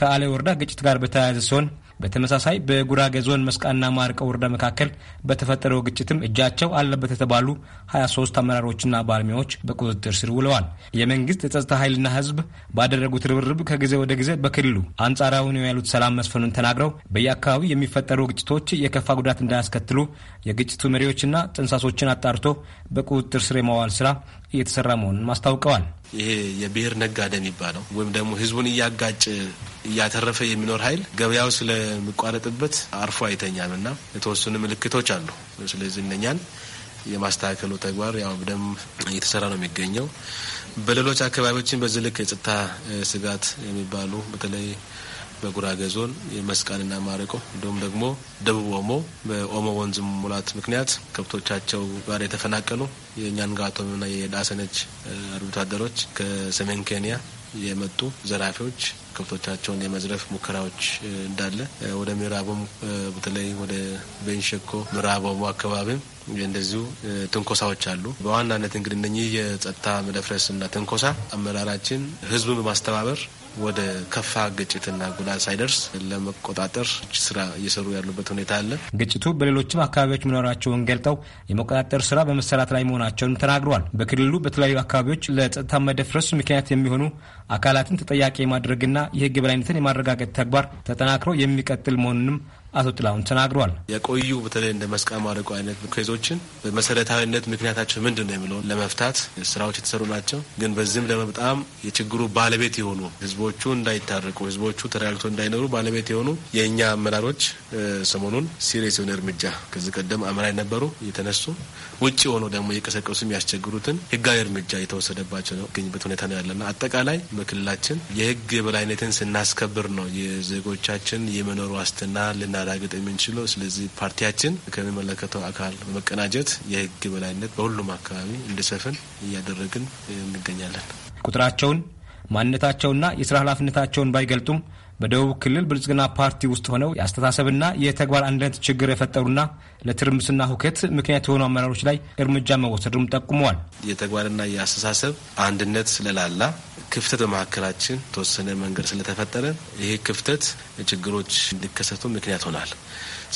ከአሌ ወረዳ ግጭት ጋር በተያያዘ ሲሆን በተመሳሳይ በጉራጌ ዞን መስቃና ማርቀ ወረዳ መካከል በተፈጠረው ግጭትም እጃቸው አለበት የተባሉ 23 አመራሮችና ባለሙያዎች በቁጥጥር ስር ውለዋል። የመንግስት የጸጥታ ኃይልና ህዝብ ባደረጉት ርብርብ ከጊዜ ወደ ጊዜ በክልሉ አንጻራዊ ነው ያሉት ሰላም መስፈኑን ተናግረው በየአካባቢው የሚፈጠሩ ግጭቶች የከፋ ጉዳት እንዳያስከትሉ የግጭቱ መሪዎችና ጥንሳሶችን አጣርቶ በቁጥጥር ስር የማዋል ስራ እየተሰራ መሆኑን አስታውቀዋል። ይሄ የብሔር ነጋዴ የሚባለው ወይም ደግሞ ህዝቡን እያጋጭ እያተረፈ የሚኖር ኃይል ገበያው ስለሚቋረጥበት አርፎ አይተኛም እና የተወሰኑ ምልክቶች አሉ። ስለዚህ እነኛን የማስተካከሉ ተግባር ያው በደም እየተሰራ ነው የሚገኘው። በሌሎች አካባቢዎችን በዚህ ልክ የጸጥታ ስጋት የሚባሉ በተለይ በጉራጌ ዞን የመስቃንና ማረቆ እንዲሁም ደግሞ ደቡብ ኦሞ በኦሞ ወንዝ ሙላት ምክንያት ከብቶቻቸው ጋር የተፈናቀሉ የኛንጋቶምና የዳሰነች አርብቶ አደሮች ከሰሜን ኬንያ የመጡ ዘራፊዎች ከብቶቻቸውን የመዝረፍ ሙከራዎች እንዳለ ወደ ምዕራቡም በተለይ ወደ ቤንሸኮ ምዕራቡ አካባቢም እንደዚሁ ትንኮሳዎች አሉ። በዋናነት እንግዲህ እነኚህ የጸጥታ መደፍረስና ትንኮሳ አመራራችን ህዝቡን በማስተባበር ወደ ከፋ ግጭትና ጉዳት ሳይደርስ ለመቆጣጠር ስራ እየሰሩ ያሉበት ሁኔታ አለ። ግጭቱ በሌሎችም አካባቢዎች መኖራቸውን ገልጠው የመቆጣጠር ስራ በመሰራት ላይ መሆናቸውን ተናግረዋል። በክልሉ በተለያዩ አካባቢዎች ለጸጥታ መደፍረስ ምክንያት የሚሆኑ አካላትን ተጠያቂ የማድረግና የህግ በላይነትን የማረጋገጥ ተግባር ተጠናክሮ የሚቀጥል መሆኑንም አቶ ጥላሁን ተናግሯል። የቆዩ በተለይ እንደ መስቃ ማድረጉ አይነት ኬዞችን በመሰረታዊነት ምክንያታቸው ምንድን ነው የሚለውን ለመፍታት ስራዎች የተሰሩ ናቸው። ግን በዚህም ለመጣም የችግሩ ባለቤት የሆኑ ህዝቦቹ እንዳይታረቁ፣ ህዝቦቹ ተረጋግቶ እንዳይኖሩ ባለቤት የሆኑ የእኛ አመራሮች ሰሞኑን ሲሪየስ የሆነ እርምጃ ከዚህ ቀደም አመራ የነበሩ የተነሱ ውጭ ሆኖ ደግሞ እየቀሰቀሱ የሚያስቸግሩትን ህጋዊ እርምጃ የተወሰደባቸው ነው ገኝበት ሁኔታ ነው ያለና አጠቃላይ በክልላችን የህግ የበላይነትን ስናስከብር ነው የዜጎቻችን የመኖር ዋስትና ልና ማረጋገጥ የምንችለው። ስለዚህ ፓርቲያችን ከሚመለከተው አካል በመቀናጀት የህግ በላይነት በሁሉም አካባቢ እንዲሰፍን እያደረግን እንገኛለን። ቁጥራቸውን ማንነታቸውና የስራ ኃላፊነታቸውን ባይገልጡም በደቡብ ክልል ብልጽግና ፓርቲ ውስጥ ሆነው የአስተሳሰብና የተግባር አንድነት ችግር የፈጠሩና ለትርምስና ሁከት ምክንያት የሆኑ አመራሮች ላይ እርምጃ መወሰዱም ጠቁመዋል። የተግባርና የአስተሳሰብ አንድነት ስለላላ ክፍተት በመካከላችን ተወሰነ መንገድ ስለተፈጠረ ይህ ክፍተት ችግሮች እንዲከሰቱ ምክንያት ሆናል።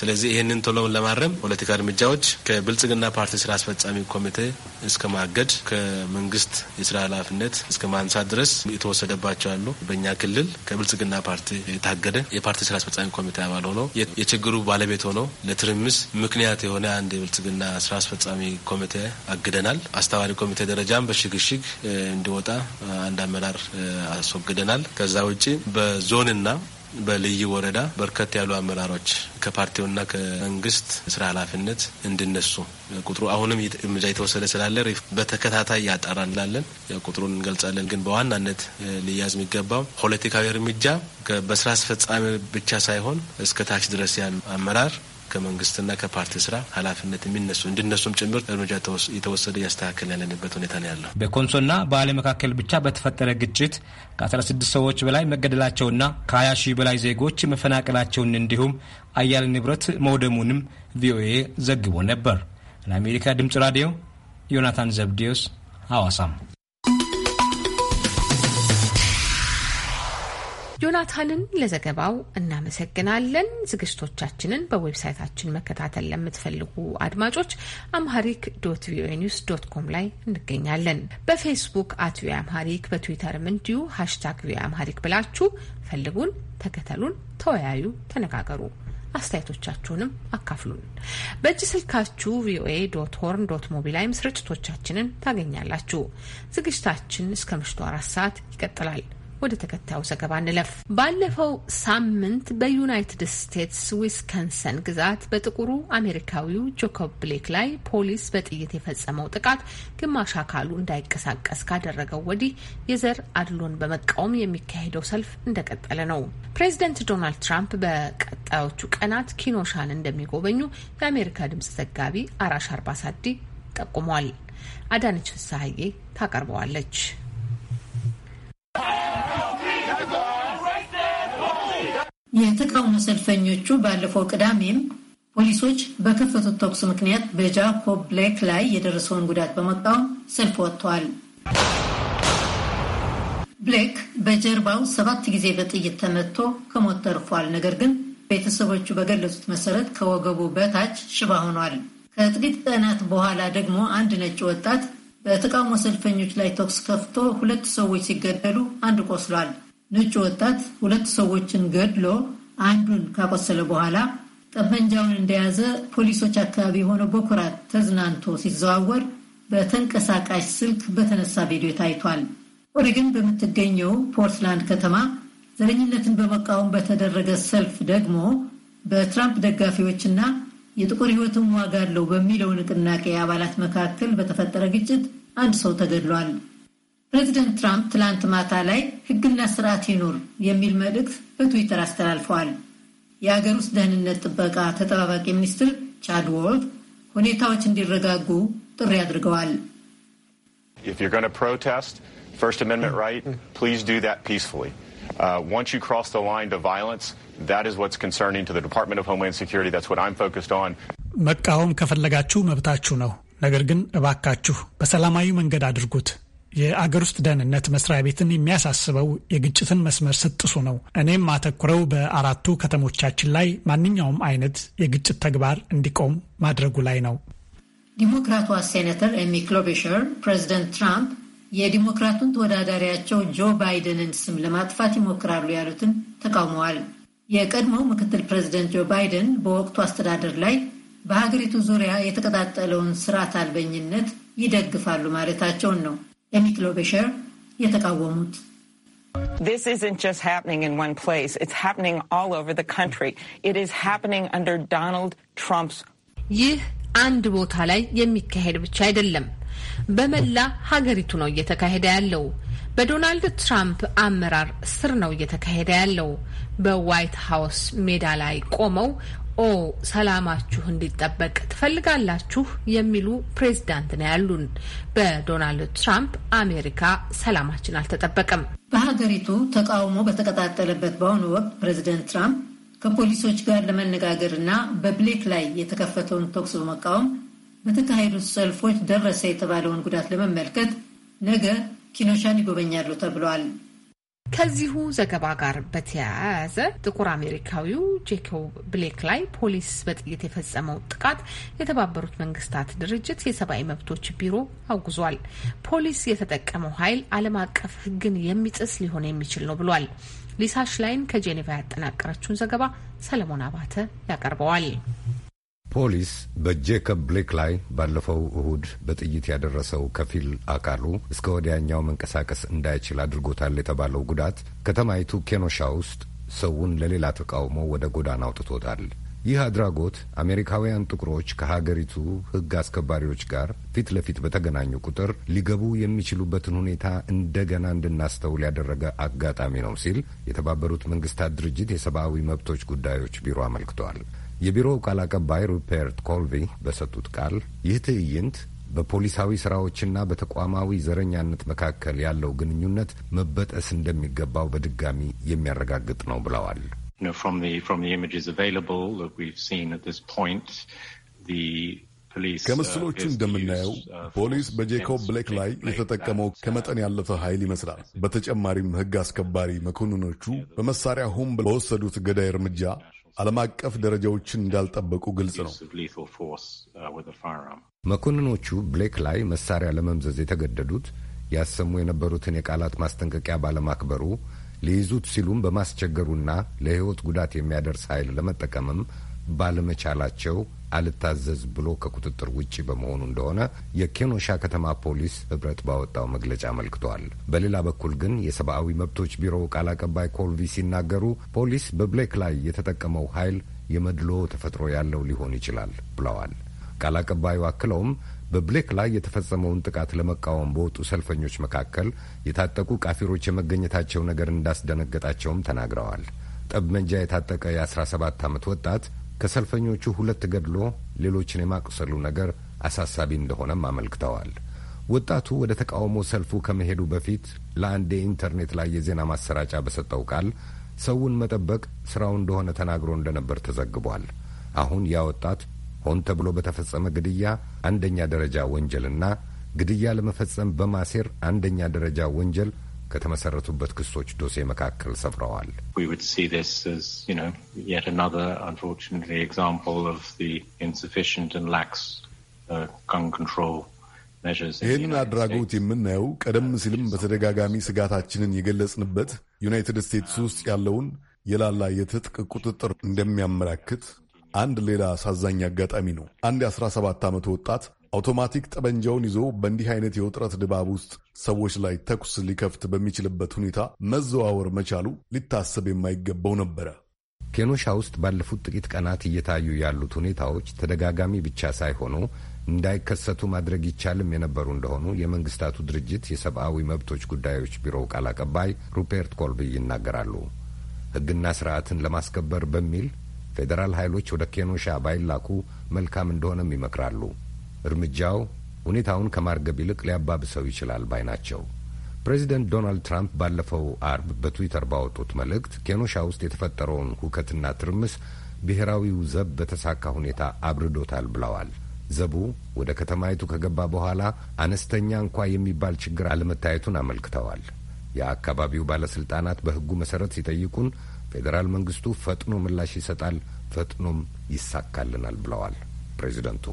ስለዚህ ይህንን ቶሎ ለማረም ፖለቲካ እርምጃዎች ከብልጽግና ፓርቲ ስራ አስፈጻሚ ኮሚቴ እስከ ማገድ ከመንግስት የስራ ኃላፊነት እስከ ማንሳት ድረስ የተወሰደባቸው አሉ። በእኛ ክልል ከብልጽግና ፓርቲ የታገደ የፓርቲ ስራ አስፈጻሚ ኮሚቴ አባል ሆኖ የችግሩ ባለቤት ሆኖ ለትርምስ ምክንያት የሆነ አንድ የብልጽግና ስራ አስፈጻሚ ኮሚቴ አግደናል። አስተባሪ ኮሚቴ ደረጃም በሽግሽግ እንዲወጣ አንድ አመራር አስወግደናል። ከዛ ውጭ በዞንና በልዩ ወረዳ በርከት ያሉ አመራሮች ከፓርቲውና ከመንግስት ስራ ኃላፊነት እንዲነሱ ቁጥሩ አሁንም እርምጃ የተወሰደ ስላለ በተከታታይ ያጠራ እንላለን። ቁጥሩን እንገልጻለን። ግን በዋናነት ሊያዝ የሚገባው ፖለቲካዊ እርምጃ በስራ አስፈጻሚ ብቻ ሳይሆን እስከ ታች ድረስ ያሉ አመራር ከመንግስትና ከፓርቲ ስራ ኃላፊነት የሚነሱ እንዲነሱም ጭምር እርምጃ የተወሰደ እያስተካከል ያለንበት ሁኔታ ነው ያለው። በኮንሶና በአለ መካከል ብቻ በተፈጠረ ግጭት ከ16 ሰዎች በላይ መገደላቸውና ከ20 ሺህ በላይ ዜጎች መፈናቀላቸውን እንዲሁም አያሌ ንብረት መውደሙንም ቪኦኤ ዘግቦ ነበር። ለአሜሪካ ድምጽ ራዲዮ ዮናታን ዘብዲዮስ ሐዋሳም ዮናታንን ለዘገባው እናመሰግናለን። ዝግጅቶቻችንን በዌብሳይታችን መከታተል ለምትፈልጉ አድማጮች አምሃሪክ ዶት ቪኦኤ ኒውስ ዶት ኮም ላይ እንገኛለን። በፌስቡክ አት ቪኦኤ አምሃሪክ፣ በትዊተርም እንዲሁ ሃሽታግ ቪኦኤ አምሃሪክ ብላችሁ ፈልጉን፣ ተከተሉን፣ ተወያዩ፣ ተነጋገሩ። አስተያየቶቻችሁንም አካፍሉን። በእጅ ስልካችሁ ቪኦኤ ዶት ሆርን ዶት ሞቢ ላይም ስርጭቶቻችንን ታገኛላችሁ። ዝግጅታችን እስከ ምሽቱ አራት ሰዓት ይቀጥላል። ወደ ተከታዩ ዘገባ እንለፍ። ባለፈው ሳምንት በዩናይትድ ስቴትስ ዊስከንሰን ግዛት በጥቁሩ አሜሪካዊው ጆኮብ ብሌክ ላይ ፖሊስ በጥይት የፈጸመው ጥቃት ግማሽ አካሉ እንዳይቀሳቀስ ካደረገው ወዲህ የዘር አድሎን በመቃወም የሚካሄደው ሰልፍ እንደቀጠለ ነው። ፕሬዚደንት ዶናልድ ትራምፕ በቀጣዮቹ ቀናት ኪኖሻን እንደሚጎበኙ የአሜሪካ ድምጽ ዘጋቢ አራሽ አርባሳዲ ጠቁሟል። አዳነች ፍሳሀዬ ታቀርበዋለች። የተቃውሞ ሰልፈኞቹ ባለፈው ቅዳሜም ፖሊሶች በከፈቱት ተኩስ ምክንያት በጃኮብ ብሌክ ላይ የደረሰውን ጉዳት በመቃወም ሰልፍ ወጥተዋል። ብሌክ በጀርባው ሰባት ጊዜ በጥይት ተመትቶ ከሞት ተርፏል። ነገር ግን ቤተሰቦቹ በገለጹት መሰረት ከወገቡ በታች ሽባ ሆኗል። ከጥቂት ቀናት በኋላ ደግሞ አንድ ነጭ ወጣት በተቃውሞ ሰልፈኞች ላይ ተኩስ ከፍቶ ሁለት ሰዎች ሲገደሉ አንድ ቆስሏል። ነጩ ወጣት ሁለት ሰዎችን ገድሎ አንዱን ካቆሰለ በኋላ ጠመንጃውን እንደያዘ ፖሊሶች አካባቢ የሆነ በኩራት ተዝናንቶ ሲዘዋወር በተንቀሳቃሽ ስልክ በተነሳ ቪዲዮ ታይቷል። ኦሬገን በምትገኘው ፖርትላንድ ከተማ ዘረኝነትን በመቃወም በተደረገ ሰልፍ ደግሞ በትራምፕ ደጋፊዎችና የጥቁር ሕይወትም ዋጋ አለው በሚለው ንቅናቄ አባላት መካከል በተፈጠረ ግጭት አንድ ሰው ተገድሏል። ፕሬዚደንት ትራምፕ ትላንት ማታ ላይ ሕግና ስርዓት ይኑር የሚል መልእክት በትዊተር አስተላልፈዋል። የአገር ውስጥ ደህንነት ጥበቃ ተጠባባቂ ሚኒስትር ቻድ ዎልፍ ሁኔታዎች እንዲረጋጉ ጥሪ አድርገዋል። If you're going to protest First Amendment right, please do that peacefully. Uh, once you cross the line to violence, that is what's concerning to the Department of Homeland Security. That's what I'm focused on. መቃወም ከፈለጋችሁ መብታችሁ ነው። ነገር ግን እባካችሁ በሰላማዊ መንገድ አድርጉት። የአገር ውስጥ ደህንነት መስሪያ ቤትን የሚያሳስበው የግጭትን መስመር ስትሱ ነው። እኔም አተኩረው በአራቱ ከተሞቻችን ላይ ማንኛውም አይነት የግጭት ተግባር እንዲቆም ማድረጉ ላይ ነው። ዲሞክራቷ ሴኔተር ኤሚ ክሎቤሸር ፕሬዚደንት ትራምፕ የዲሞክራቱን ተወዳዳሪያቸው ጆ ባይደንን ስም ለማጥፋት ይሞክራሉ ያሉትን ተቃውመዋል። የቀድሞው ምክትል ፕሬዚደንት ጆ ባይደን በወቅቱ አስተዳደር ላይ በሀገሪቱ ዙሪያ የተቀጣጠለውን ስርዓት አልበኝነት ይደግፋሉ ማለታቸውን ነው ኤሚክ ሎቤሸር የተቃወሙት። This isn't just happening in one place. It's happening all over the country. It is happening under Donald Trump's. ይህ አንድ ቦታ ላይ የሚካሄድ ብቻ አይደለም። በመላ ሀገሪቱ ነው እየተካሄደ ያለው። በዶናልድ ትራምፕ አመራር ስር ነው እየተካሄደ ያለው። በዋይት ሀውስ ሜዳ ላይ ቆመው ኦ ሰላማችሁ እንዲጠበቅ ትፈልጋላችሁ የሚሉ ፕሬዝዳንት ነው ያሉን። በዶናልድ ትራምፕ አሜሪካ ሰላማችን አልተጠበቀም። በሀገሪቱ ተቃውሞ በተቀጣጠለበት በአሁኑ ወቅት ፕሬዚደንት ትራምፕ ከፖሊሶች ጋር ለመነጋገር እና በብሌክ ላይ የተከፈተውን ተኩስ በመቃወም በተካሄዱት ሰልፎች ደረሰ የተባለውን ጉዳት ለመመልከት ነገ ኪኖሻን ይጎበኛሉ ተብሏል። ከዚሁ ዘገባ ጋር በተያያዘ ጥቁር አሜሪካዊው ጄኮብ ብሌክ ላይ ፖሊስ በጥይት የፈጸመው ጥቃት የተባበሩት መንግስታት ድርጅት የሰብአዊ መብቶች ቢሮ አውግዟል። ፖሊስ የተጠቀመው ኃይል ዓለም አቀፍ ሕግን የሚጥስ ሊሆን የሚችል ነው ብሏል። ሊሳሽ ላይን ከጄኔቫ ያጠናቀረችውን ዘገባ ሰለሞን አባተ ያቀርበዋል። ፖሊስ በጄከብ ብሌክ ላይ ባለፈው እሁድ በጥይት ያደረሰው ከፊል አካሉ እስከ ወዲያኛው መንቀሳቀስ እንዳይችል አድርጎታል የተባለው ጉዳት ከተማይቱ ኬኖሻ ውስጥ ሰውን ለሌላ ተቃውሞ ወደ ጎዳና አውጥቶታል። ይህ አድራጎት አሜሪካውያን ጥቁሮች ከሀገሪቱ ሕግ አስከባሪዎች ጋር ፊት ለፊት በተገናኙ ቁጥር ሊገቡ የሚችሉበትን ሁኔታ እንደገና እንድናስተውል ያደረገ አጋጣሚ ነው ሲል የተባበሩት መንግስታት ድርጅት የሰብአዊ መብቶች ጉዳዮች ቢሮ አመልክቷል። የቢሮው ቃል አቀባይ ሩፐርት ኮልቪ በሰጡት ቃል ይህ ትዕይንት በፖሊሳዊ ስራዎችና በተቋማዊ ዘረኛነት መካከል ያለው ግንኙነት መበጠስ እንደሚገባው በድጋሚ የሚያረጋግጥ ነው ብለዋል። uh, ከምስሎቹ እንደምናየው uh, ፖሊስ በጄኮብ ብሌክ ላይ የተጠቀመው uh, ከመጠን ያለፈ ኃይል ይመስላል። በተጨማሪም ሕግ አስከባሪ መኮንኖቹ በመሳሪያ ሁም በወሰዱት ገዳይ እርምጃ ዓለም አቀፍ ደረጃዎችን እንዳልጠበቁ ግልጽ ነው። uh, መኮንኖቹ ብሌክ ላይ መሳሪያ ለመምዘዝ የተገደዱት ያሰሙ የነበሩትን የቃላት ማስጠንቀቂያ ባለማክበሩ ሊይዙት ሲሉም በማስቸገሩና ለሕይወት ጉዳት የሚያደርስ ኃይል ለመጠቀምም ባለመቻላቸው አልታዘዝ ብሎ ከቁጥጥር ውጪ በመሆኑ እንደሆነ የኬኖሻ ከተማ ፖሊስ ህብረት ባወጣው መግለጫ አመልክቷል። በሌላ በኩል ግን የሰብአዊ መብቶች ቢሮ ቃል አቀባይ ኮልቪ ሲናገሩ ፖሊስ በብሌክ ላይ የተጠቀመው ኃይል የመድሎ ተፈጥሮ ያለው ሊሆን ይችላል ብለዋል። ቃል አቀባዩ አክለውም በብሌክ ላይ የተፈጸመውን ጥቃት ለመቃወም በወጡ ሰልፈኞች መካከል የታጠቁ ቃፊሮች የመገኘታቸው ነገር እንዳስደነገጣቸውም ተናግረዋል። ጠብመንጃ የታጠቀ የ17 ዓመት ወጣት ከሰልፈኞቹ ሁለት ገድሎ ሌሎችን የማቁሰሉ ነገር አሳሳቢ እንደሆነም አመልክተዋል። ወጣቱ ወደ ተቃውሞ ሰልፉ ከመሄዱ በፊት ለአንድ የኢንተርኔት ላይ የዜና ማሰራጫ በሰጠው ቃል ሰውን መጠበቅ ስራው እንደሆነ ተናግሮ እንደነበር ተዘግቧል። አሁን ያ ወጣት ሆን ተብሎ በተፈጸመ ግድያ አንደኛ ደረጃ ወንጀልና ግድያ ለመፈጸም በማሴር አንደኛ ደረጃ ወንጀል ከተመሰረቱበት ክሶች ዶሴ መካከል ሰፍረዋል። uh, ይህንን አድራጎት የምናየው ቀደም ሲልም በተደጋጋሚ ስጋታችንን የገለጽንበት ዩናይትድ ስቴትስ ውስጥ ያለውን የላላ የትጥቅ ቁጥጥር እንደሚያመላክት አንድ ሌላ አሳዛኝ አጋጣሚ ነው። አንድ የ17 ዓመት ወጣት አውቶማቲክ ጠመንጃውን ይዞ በእንዲህ አይነት የውጥረት ድባብ ውስጥ ሰዎች ላይ ተኩስ ሊከፍት በሚችልበት ሁኔታ መዘዋወር መቻሉ ሊታሰብ የማይገባው ነበረ። ኬኖሻ ውስጥ ባለፉት ጥቂት ቀናት እየታዩ ያሉት ሁኔታዎች ተደጋጋሚ ብቻ ሳይሆኑ እንዳይከሰቱ ማድረግ ይቻልም የነበሩ እንደሆኑ የመንግስታቱ ድርጅት የሰብአዊ መብቶች ጉዳዮች ቢሮው ቃል አቀባይ ሩፔርት ኮልቢ ይናገራሉ። ሕግና ስርዓትን ለማስከበር በሚል ፌዴራል ኃይሎች ወደ ኬኖሻ ባይላኩ መልካም እንደሆነም ይመክራሉ። እርምጃው ሁኔታውን ከማርገብ ይልቅ ሊያባብሰው ይችላል ባይ ናቸው። ፕሬዚደንት ዶናልድ ትራምፕ ባለፈው አርብ በትዊተር ባወጡት መልእክት ኬኖሻ ውስጥ የተፈጠረውን ሁከትና ትርምስ ብሔራዊው ዘብ በተሳካ ሁኔታ አብርዶታል ብለዋል። ዘቡ ወደ ከተማይቱ ከገባ በኋላ አነስተኛ እንኳ የሚባል ችግር አለመታየቱን አመልክተዋል። የአካባቢው ባለስልጣናት በሕጉ መሰረት ሲጠይቁን ፌዴራል መንግስቱ ፈጥኖ ምላሽ ይሰጣል፣ ፈጥኖም ይሳካልናል ብለዋል ፕሬዚደንቱ።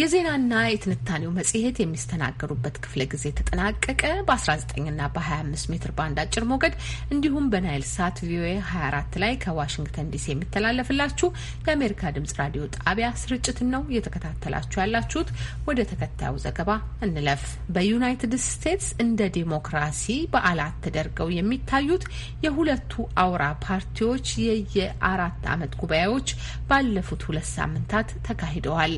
የዜናና የትንታኔው መጽሔት የሚስተናገሩበት ክፍለ ጊዜ ተጠናቀቀ። በ19ና በ25 ሜትር ባንድ አጭር ሞገድ እንዲሁም በናይል ሳት ቪኦኤ 24 ላይ ከዋሽንግተን ዲሲ የሚተላለፍላችሁ የአሜሪካ ድምጽ ራዲዮ ጣቢያ ስርጭትን ነው እየተከታተላችሁ ያላችሁት። ወደ ተከታዩ ዘገባ እንለፍ። በዩናይትድ ስቴትስ እንደ ዲሞክራሲ በዓላት ተደርገው የሚታዩት የሁለቱ አውራ ፓርቲዎች የየአራት ዓመት ጉባኤዎች ባለፉት ሁለት ሳምንታት ተካሂደዋል።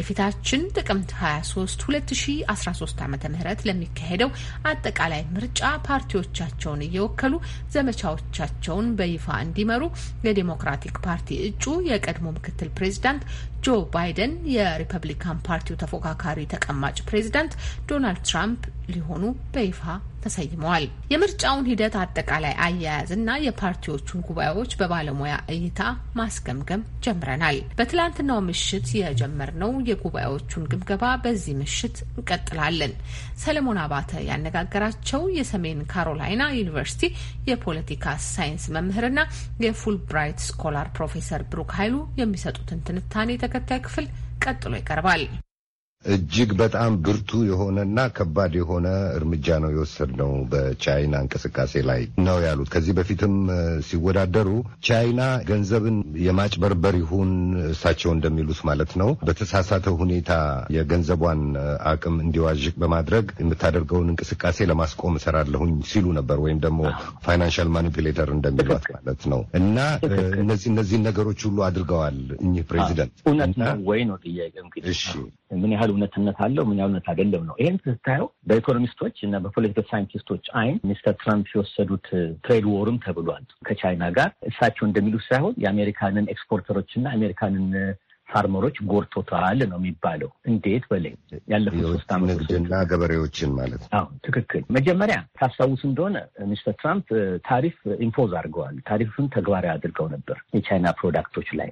የፊታ ፊታችን ጥቅምት 23 2013 ዓ ም ለሚካሄደው አጠቃላይ ምርጫ ፓርቲዎቻቸውን እየወከሉ ዘመቻዎቻቸውን በይፋ እንዲመሩ የዴሞክራቲክ ፓርቲ እጩ የቀድሞ ምክትል ፕሬዚዳንት ጆ ባይደን የሪፐብሊካን ፓርቲው ተፎካካሪ ተቀማጭ ፕሬዚዳንት ዶናልድ ትራምፕ ሊሆኑ በይፋ ተሰይመዋል። የምርጫውን ሂደት አጠቃላይ አያያዝና የፓርቲዎቹን ጉባኤዎች በባለሙያ እይታ ማስገምገም ጀምረናል። በትላንትናው ምሽት የጀመርነው የጉባኤዎቹን ግምገባ በዚህ ምሽት እንቀጥላለን። ሰለሞን አባተ ያነጋገራቸው የሰሜን ካሮላይና ዩኒቨርሲቲ የፖለቲካ ሳይንስ መምህርና የፉል ብራይት ስኮላር ፕሮፌሰር ብሩክ ኃይሉ የሚሰጡትን ትንታኔ ተከ ተከታይ ክፍል ቀጥሎ ይቀርባል። እጅግ በጣም ብርቱ የሆነና ከባድ የሆነ እርምጃ ነው የወሰድነው በቻይና እንቅስቃሴ ላይ ነው ያሉት። ከዚህ በፊትም ሲወዳደሩ ቻይና ገንዘብን የማጭበርበር ይሁን እሳቸው እንደሚሉት ማለት ነው በተሳሳተ ሁኔታ የገንዘቧን አቅም እንዲዋዥቅ በማድረግ የምታደርገውን እንቅስቃሴ ለማስቆም እሰራለሁኝ ሲሉ ነበር። ወይም ደግሞ ፋይናንሻል ማኒፕሌተር እንደሚሏት ማለት ነው እና እነዚህ እነዚህን ነገሮች ሁሉ አድርገዋል እኚህ ፕሬዚደንት። እውነት ነው ወይ ነው ጥያቄ። ምን ያህል እውነትነት አለው ምን እውነት አይደለም ነው። ይህን ስታየው በኢኮኖሚስቶች እና በፖለቲካል ሳይንቲስቶች አይን ሚስተር ትራምፕ የወሰዱት ትሬድ ዎርም ተብሏል ከቻይና ጋር እሳቸው እንደሚሉ ሳይሆን የአሜሪካንን ኤክስፖርተሮች እና አሜሪካንን ፋርመሮች ጎርቶታል ነው የሚባለው። እንዴት በላይ ያለፉት ሶስት ገበሬዎችን ማለት ነው። ትክክል። መጀመሪያ ታስታውስ እንደሆነ ሚስተር ትራምፕ ታሪፍ ኢምፖዝ አድርገዋል። ታሪፍን ተግባራዊ አድርገው ነበር የቻይና ፕሮዳክቶች ላይ።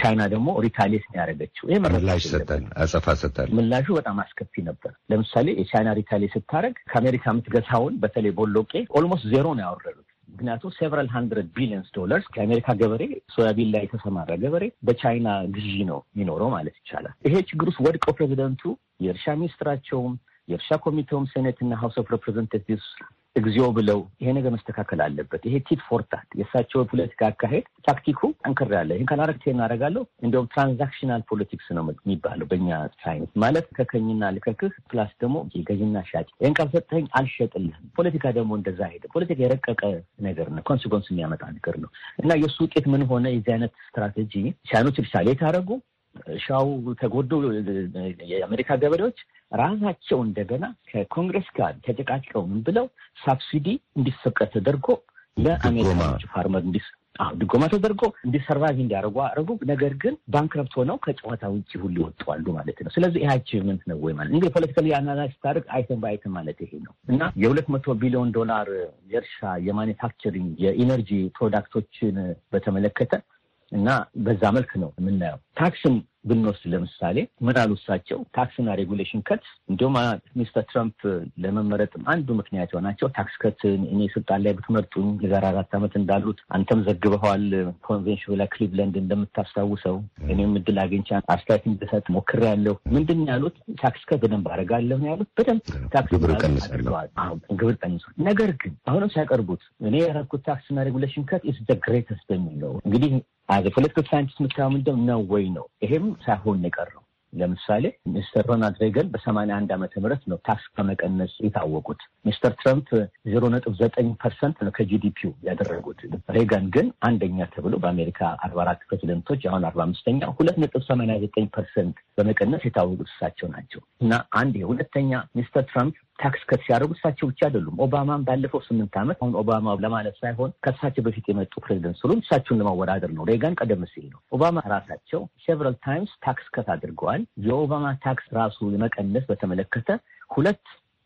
ቻይና ደግሞ ሪታሊስ ነው ያደረገችው። ይህ ምላሽ ሰጠን፣ አጸፋ ሰጠን። ምላሹ በጣም አስከፊ ነበር። ለምሳሌ የቻይና ሪታሊ ስታደረግ ከአሜሪካ የምትገዛውን በተለይ ቦሎቄ ኦልሞስት ዜሮ ነው ያወረዱት። ምክንያቱም ሴቨራል ሀንድረድ ቢሊዮንስ ዶላርስ ከአሜሪካ ገበሬ ሶያቢን ላይ የተሰማራ ገበሬ በቻይና ግዢ ነው የሚኖረው ማለት ይቻላል። ይሄ ችግር ውስጥ ወድቀው ፕሬዚደንቱ የእርሻ ሚኒስትራቸውም የእርሻ ኮሚቴውም ሴኔትና ሀውስ ኦፍ ሬፕሬዘንታቲቭስ እግዚኦ ብለው ይሄ ነገር መስተካከል አለበት። ይሄ ቲት ፎርታት የእሳቸው የፖለቲካ አካሄድ ታክቲኩ ጠንክር ያለ ይህን ካላረግት እናደርጋለሁ። እንዲሁም ትራንዛክሽናል ፖለቲክስ ነው የሚባለው በእኛ ሳይንስ ማለት ከከኝና ልከክህ ፕላስ ደግሞ ገዥና ሻጭ። ይህን ካልሰጠኝ አልሸጥልህም። ፖለቲካ ደግሞ እንደዛ ሄደ። ፖለቲካ የረቀቀ ነገር ነው፣ ኮንስኮንስ የሚያመጣ ነገር ነው እና የእሱ ውጤት ምን ሆነ? የዚህ አይነት ስትራቴጂ ቻይኖች ሪሳሌት አደረጉ። እርሻው ተጎዶ የአሜሪካ ገበሬዎች ራሳቸው እንደገና ከኮንግረስ ጋር ተጨቃጭቀው ምን ብለው ሳብሲዲ እንዲፈቀድ ተደርጎ ለአሜሪካ ፋርመር እንዲስ አሁን ድጎማ ተደርጎ እንዲሰርቫይቭ እንዲያደርጉ አረጉ። ነገር ግን ባንክረፕት ሆነው ከጨዋታ ውጭ ሁሉ ይወጡዋሉ ማለት ነው። ስለዚህ ይህ አቺቭመንት ነው ወይ ማለት እንግዲህ ፖለቲካሊ አናላይዝ ታደርግ አይተም በአይተም ማለት ይሄ ነው እና የሁለት መቶ ቢሊዮን ዶላር የእርሻ የማኒፋክቸሪንግ፣ የኢነርጂ ፕሮዳክቶችን በተመለከተ እና በዛ መልክ ነው የምናየው። ታክስም ብንወስድ ለምሳሌ ምን አሉ እሳቸው ታክስና ሬጉሌሽን ከት እንዲሁም ሚስተር ትራምፕ ለመመረጥም አንዱ ምክንያት የሆናቸው ታክስ ከት እኔ ስልጣን ላይ ብትመርጡኝ የዛሬ አራት ዓመት እንዳሉት አንተም ዘግበኸዋል። ኮንቬንሽን ላይ ክሊቭለንድ እንደምታስታውሰው እኔም እድል አግኝቼ አስተያየት እንድሰጥ ሞክሬያለሁ። ምንድን ያሉት? ታክስ ከት በደንብ አደርጋለሁ ነው ያሉት። በደንብ ታክስ አድርገዋል፣ ግብር ቀንሷል። ነገር ግን አሁንም ሲያቀርቡት እኔ ያደረኩት ታክስና ሬጉሌሽን ከት ኢዝ ዘ ግሬተስት በሚል እንግዲህ አዘ ፖለቲካል ሳይንቲስት የምታምንደው ነው ወይ ነው? ይሄም ሳይሆን የቀረው ለምሳሌ ሚስተር ሮናልድ ሬገን በሰማንያ አንድ ዓመተ ምህረት ነው ታክስ ከመቀነስ የታወቁት። ሚስተር ትራምፕ ዜሮ ነጥብ ዘጠኝ ፐርሰንት ነው ከጂዲፒው ያደረጉት። ሬገን ግን አንደኛ ተብሎ በአሜሪካ አርባ አራት ፕሬዚደንቶች አሁን አርባ አምስተኛ ሁለት ነጥብ ሰማንያ ዘጠኝ ፐርሰንት በመቀነስ የታወቁት እሳቸው ናቸው እና አንድ የሁለተኛ ሚስተር ትራምፕ ታክስ ከት ሲያደርጉ እሳቸው ብቻ አይደሉም። ኦባማን ባለፈው ስምንት ዓመት አሁን ኦባማ ለማለት ሳይሆን ከእሳቸው በፊት የመጡ ፕሬዚደንት ስሉም እሳቸውን ለማወዳደር ነው። ሬጋን ቀደም ሲል ነው። ኦባማ ራሳቸው ሴቨራል ታይምስ ታክስ ከት አድርገዋል። የኦባማ ታክስ ራሱ የመቀነስ በተመለከተ ሁለት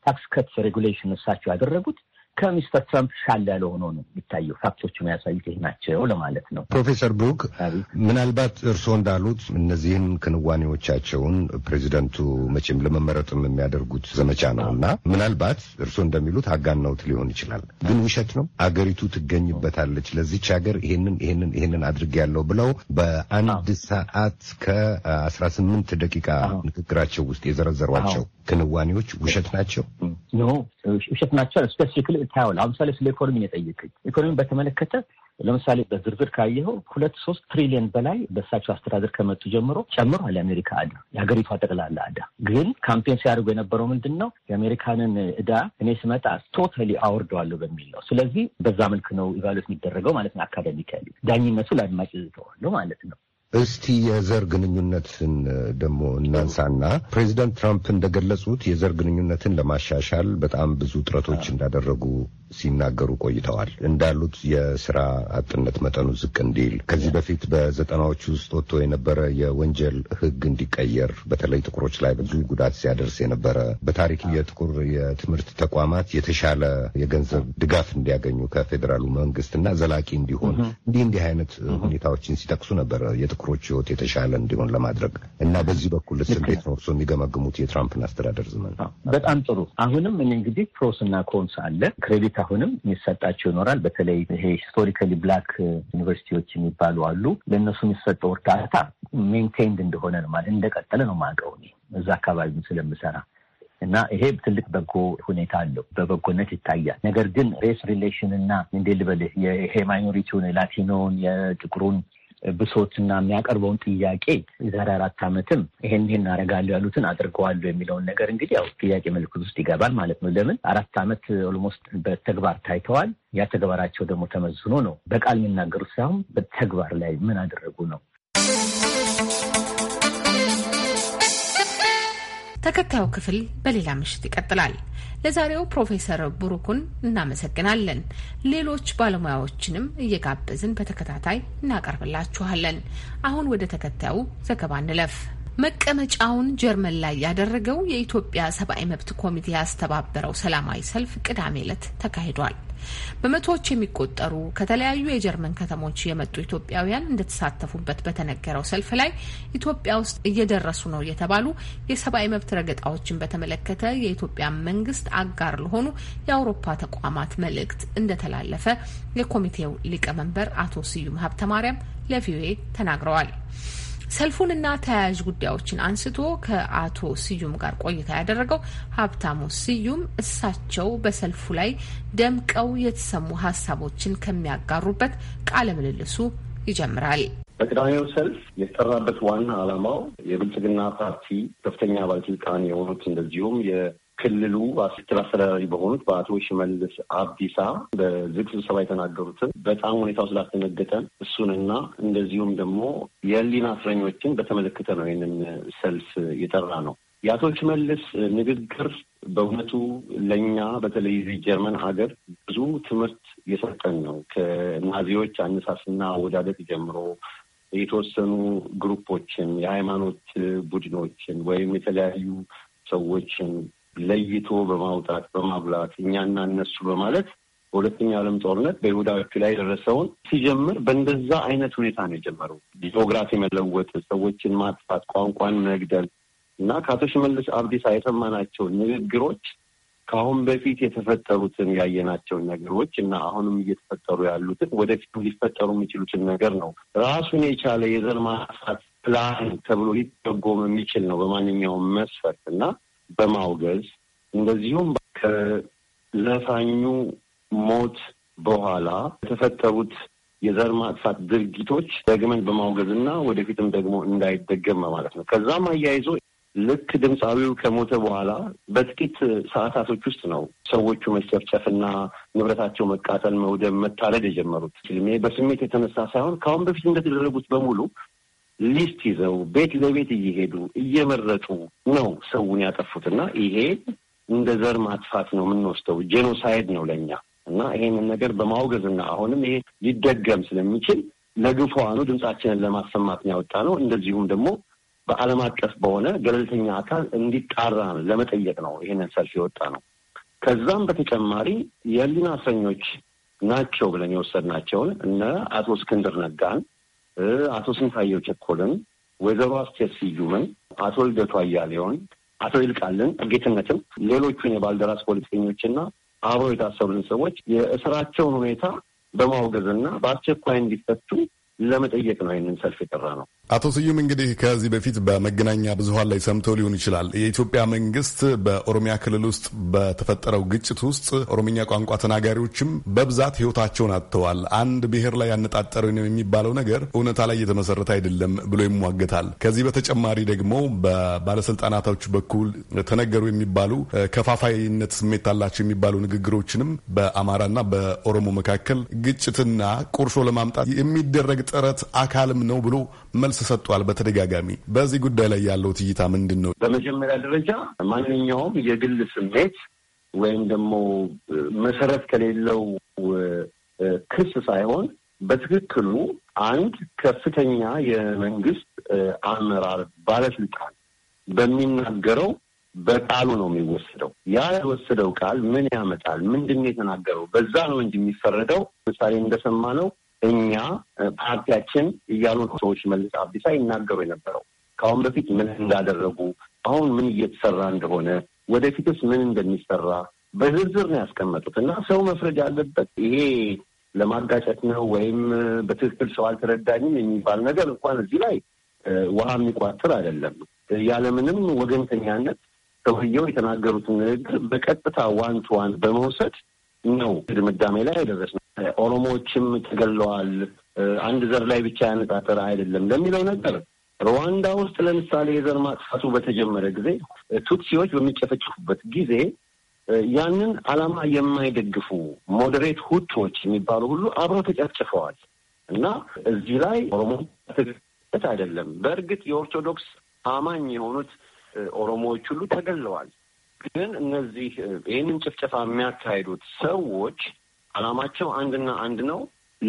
ታክስ ከት ሬጉሌሽን እሳቸው ያደረጉት ከሚስተር ትራምፕ ሻል ያለ ሆኖ ነው የሚታየው። ፋክቶቹ የሚያሳዩት ይህ ናቸው ለማለት ነው። ፕሮፌሰር ብሩክ ምናልባት እርስዎ እንዳሉት እነዚህን ክንዋኔዎቻቸውን ፕሬዚደንቱ መቼም ለመመረጥም የሚያደርጉት ዘመቻ ነው እና ምናልባት እርስዎ እንደሚሉት አጋናውት ሊሆን ይችላል። ግን ውሸት ነው አገሪቱ ትገኝበታለች። ለዚች ሀገር ይሄንን ይሄንን ይሄንን አድርግ ያለው ብለው በአንድ ሰዓት ከአስራ ስምንት ደቂቃ ንግግራቸው ውስጥ የዘረዘሯቸው ክንዋኔዎች ውሸት ናቸው። ውሸት ናቸው ስፔሲፊክ ታየዋል። አሁን ስለ ኢኮኖሚ የጠየቀኝ። ኢኮኖሚ በተመለከተ ለምሳሌ በዝርዝር ካየኸው ሁለት ሶስት ትሪሊየን በላይ በእሳቸው አስተዳደር ከመጡ ጀምሮ ጨምሯል የአሜሪካ ዕዳ የሀገሪቷ ጠቅላላ ዕዳ። ግን ካምፔን ሲያደርጉ የነበረው ምንድን ነው የአሜሪካንን እዳ እኔ ስመጣ ቶታሊ አወርደዋለሁ በሚል ነው። ስለዚህ በዛ መልክ ነው ኢቫሉዌት የሚደረገው ማለት ነው። አካዳሚካሊ ዳኝነቱ ለአድማጭ ዝተዋለሁ ማለት ነው። እስቲ የዘር ግንኙነትን ደግሞ እናንሳና ፕሬዚደንት ትራምፕ እንደገለጹት የዘር ግንኙነትን ለማሻሻል በጣም ብዙ ጥረቶች እንዳደረጉ ሲናገሩ ቆይተዋል። እንዳሉት የስራ አጥነት መጠኑ ዝቅ እንዲል ከዚህ በፊት በዘጠናዎች ውስጥ ወጥቶ የነበረ የወንጀል ህግ እንዲቀየር በተለይ ጥቁሮች ላይ ብዙ ጉዳት ሲያደርስ የነበረ በታሪክ የጥቁር የትምህርት ተቋማት የተሻለ የገንዘብ ድጋፍ እንዲያገኙ ከፌዴራሉ መንግስት እና ዘላቂ እንዲሆን እንዲህ እንዲህ አይነት ሁኔታዎችን ሲጠቅሱ ነበረ የጥቁሮች ህይወት የተሻለ እንዲሆን ለማድረግ እና በዚህ በኩል ስ እንዴት ነው እርስዎ የሚገመግሙት የትራምፕን አስተዳደር ዘመን? በጣም ጥሩ። አሁንም እንግዲህ ፕሮስ እና ኮንስ አለ ክሬዲት እስካሁንም የሚሰጣቸው ይኖራል። በተለይ ይሄ ሂስቶሪካሊ ብላክ ዩኒቨርሲቲዎች የሚባሉ አሉ። ለእነሱ የሚሰጠው እርዳታ ሜንቴንድ እንደሆነ ነው ማለት እንደቀጠለ ነው ማቀው እዛ አካባቢ ስለምሰራ እና ይሄ ትልቅ በጎ ሁኔታ አለው፣ በበጎነት ይታያል። ነገር ግን ሬስ ሪሌሽን እና እንዴ ልበልህ ይሄ ማይኖሪቲውን የላቲኖን የጥቁሩን ብሶትና የሚያቀርበውን ጥያቄ የዛሬ አራት ዓመትም ይሄን ይሄን አደርጋለሁ ያሉትን አድርገዋሉ የሚለውን ነገር እንግዲህ ያው ጥያቄ ምልክት ውስጥ ይገባል ማለት ነው። ለምን አራት ዓመት ኦልሞስት በተግባር ታይተዋል። ያ ተግባራቸው ደግሞ ተመዝኖ ነው በቃል የሚናገሩት ሳይሆን በተግባር ላይ ምን አደረጉ ነው። ተከታዩ ክፍል በሌላ ምሽት ይቀጥላል። ለዛሬው ፕሮፌሰር ቡሩኩን እናመሰግናለን። ሌሎች ባለሙያዎችንም እየጋበዝን በተከታታይ እናቀርብላችኋለን። አሁን ወደ ተከታዩ ዘገባ እንለፍ። መቀመጫውን ጀርመን ላይ ያደረገው የኢትዮጵያ ሰብአዊ መብት ኮሚቴ ያስተባበረው ሰላማዊ ሰልፍ ቅዳሜ ዕለት ተካሂዷል። በመቶዎች የሚቆጠሩ ከተለያዩ የጀርመን ከተሞች የመጡ ኢትዮጵያውያን እንደተሳተፉበት በተነገረው ሰልፍ ላይ ኢትዮጵያ ውስጥ እየደረሱ ነው የተባሉ የሰብአዊ መብት ረገጣዎችን በተመለከተ የኢትዮጵያ መንግስት አጋር ለሆኑ የአውሮፓ ተቋማት መልእክት እንደተላለፈ የኮሚቴው ሊቀመንበር አቶ ስዩም ሀብተማርያም ለቪኦኤ ተናግረዋል። ሰልፉንና ተያያዥ ጉዳዮችን አንስቶ ከአቶ ስዩም ጋር ቆይታ ያደረገው ሀብታሙ ስዩም እሳቸው በሰልፉ ላይ ደምቀው የተሰሙ ሀሳቦችን ከሚያጋሩበት ቃለ ምልልሱ ይጀምራል። በቅዳሜው ሰልፍ የተጠራበት ዋና ዓላማው የብልጽግና ፓርቲ ከፍተኛ ባለስልጣን የሆኑት እንደዚሁም ክልሉ ምክትል አስተዳዳሪ በሆኑት በአቶ ሽመልስ አብዲሳ በዝግ ስብሰባ የተናገሩትን በጣም ሁኔታው ስላስደነገጠን እሱንና እንደዚሁም ደግሞ የህሊና እስረኞችን በተመለከተ ነው ይህንን ሰልፍ የጠራ ነው። የአቶ ሽመልስ ንግግር በእውነቱ ለእኛ በተለይ ጀርመን ሀገር ብዙ ትምህርት የሰጠን ነው። ከናዚዎች አነሳስና አወዳደቅ ጀምሮ የተወሰኑ ግሩፖችን፣ የሃይማኖት ቡድኖችን ወይም የተለያዩ ሰዎችን ለይቶ በማውጣት በማብላት እኛና እነሱ በማለት በሁለተኛ ዓለም ጦርነት በይሁዳዎቹ ላይ የደረሰውን ሲጀምር በእንደዛ አይነት ሁኔታ ነው የጀመረው። ጂኦግራፊ መለወጥ፣ ሰዎችን ማጥፋት፣ ቋንቋን መግደል እና ከአቶ ሽመልስ አብዲሳ የሰማናቸው ንግግሮች ከአሁን በፊት የተፈጠሩትን ያየናቸውን ነገሮች እና አሁንም እየተፈጠሩ ያሉትን ወደፊት ሊፈጠሩ የሚችሉትን ነገር ነው። ራሱን የቻለ የዘር ማጥፋት ፕላን ተብሎ ሊደጎም የሚችል ነው በማንኛውም መስፈርት እና በማውገዝ እንደዚሁም ከዘፋኙ ሞት በኋላ የተፈጠሩት የዘር ማጥፋት ድርጊቶች ደግመን በማውገዝ እና ወደፊትም ደግሞ እንዳይደገም ማለት ነው። ከዛም አያይዞ ልክ ድምፃዊው ከሞተ በኋላ በጥቂት ሰዓታቶች ውስጥ ነው ሰዎቹ መጨፍጨፍና ንብረታቸው መቃጠል፣ መውደም፣ መታለድ የጀመሩት። በስሜት የተነሳ ሳይሆን ከአሁን በፊት እንደተደረጉት በሙሉ ሊስት ይዘው ቤት ለቤት እየሄዱ እየመረጡ ነው ሰውን ያጠፉትና ይሄ እንደ ዘር ማጥፋት ነው የምንወስደው፣ ጄኖሳይድ ነው ለእኛ እና ይሄንን ነገር በማውገዝና አሁንም ይሄ ሊደገም ስለሚችል ለግፏኑ ድምጻችንን ለማሰማት ነው ያወጣ ነው። እንደዚሁም ደግሞ በዓለም አቀፍ በሆነ ገለልተኛ አካል እንዲጣራ ለመጠየቅ ነው ይሄንን ሰልፍ የወጣ ነው። ከዛም በተጨማሪ የህሊና እስረኞች ናቸው ብለን የወሰድናቸውን እነ አቶ እስክንድር ነጋን አቶ ስንታየው ቸኮልን፣ ወይዘሮ አስቴር ስዩምን፣ አቶ ልደቱ አያሌውን፣ አቶ ይልቃልን ጌትነትም፣ ሌሎቹን የባልደራስ ፖለቲከኞችና አብረው የታሰሩን ሰዎች የእስራቸውን ሁኔታ በማውገዝና በአስቸኳይ እንዲፈቱ ለመጠየቅ ነው ይህንን ሰልፍ የጠራ ነው። አቶ ስዩም እንግዲህ ከዚህ በፊት በመገናኛ ብዙኃን ላይ ሰምተው ሊሆን ይችላል። የኢትዮጵያ መንግስት በኦሮሚያ ክልል ውስጥ በተፈጠረው ግጭት ውስጥ ኦሮምኛ ቋንቋ ተናጋሪዎችም በብዛት ሕይወታቸውን አጥተዋል፣ አንድ ብሔር ላይ ያነጣጠረ ነው የሚባለው ነገር እውነታ ላይ የተመሰረተ አይደለም ብሎ ይሟገታል። ከዚህ በተጨማሪ ደግሞ በባለስልጣናቶች በኩል ተነገሩ የሚባሉ ከፋፋይነት ስሜት አላቸው የሚባሉ ንግግሮችንም በአማራና በኦሮሞ መካከል ግጭትና ቁርሾ ለማምጣት የሚደረግ ጥረት አካልም ነው ብሎ መልስ ሰጥቷል። በተደጋጋሚ። በዚህ ጉዳይ ላይ ያለው እይታ ምንድን ነው? በመጀመሪያ ደረጃ ማንኛውም የግል ስሜት ወይም ደግሞ መሰረት ከሌለው ክስ ሳይሆን በትክክሉ አንድ ከፍተኛ የመንግስት አመራር ባለስልጣን በሚናገረው በቃሉ ነው የሚወሰደው። ያ የወሰደው ቃል ምን ያመጣል? ምንድን ነው የተናገረው? በዛ ነው እንጂ የሚፈረደው። ምሳሌ እንደሰማነው እኛ ፓርቲያችን እያሉ ሰዎች መልስ አብዲሳ ይናገሩ የነበረው ከአሁን በፊት ምን እንዳደረጉ፣ አሁን ምን እየተሰራ እንደሆነ፣ ወደፊትስ ምን እንደሚሰራ በዝርዝር ነው ያስቀመጡት እና ሰው መፍረድ ያለበት ይሄ ለማጋጨት ነው ወይም በትክክል ሰው አልተረዳኝም የሚባል ነገር እንኳን እዚህ ላይ ውሃ የሚቋጥር አይደለም። ያለምንም ወገንተኛነት ሰውየው የተናገሩትን ንግግር በቀጥታ ዋን ቱ ዋን በመውሰድ ነው ድምዳሜ ላይ የደረስነው። ኦሮሞዎችም ተገለዋል፣ አንድ ዘር ላይ ብቻ ያነጣጠረ አይደለም ለሚለው ነገር ሩዋንዳ ውስጥ ለምሳሌ የዘር ማጥፋቱ በተጀመረ ጊዜ ቱትሲዎች በሚጨፈጭፉበት ጊዜ ያንን ዓላማ የማይደግፉ ሞዴሬት ሁቶች የሚባሉ ሁሉ አብረው ተጨፍጭፈዋል እና እዚህ ላይ ኦሮሞ ትግት አይደለም። በእርግጥ የኦርቶዶክስ አማኝ የሆኑት ኦሮሞዎች ሁሉ ተገለዋል። ግን እነዚህ ይህንን ጭፍጨፋ የሚያካሂዱት ሰዎች አላማቸው አንድና አንድ ነው፣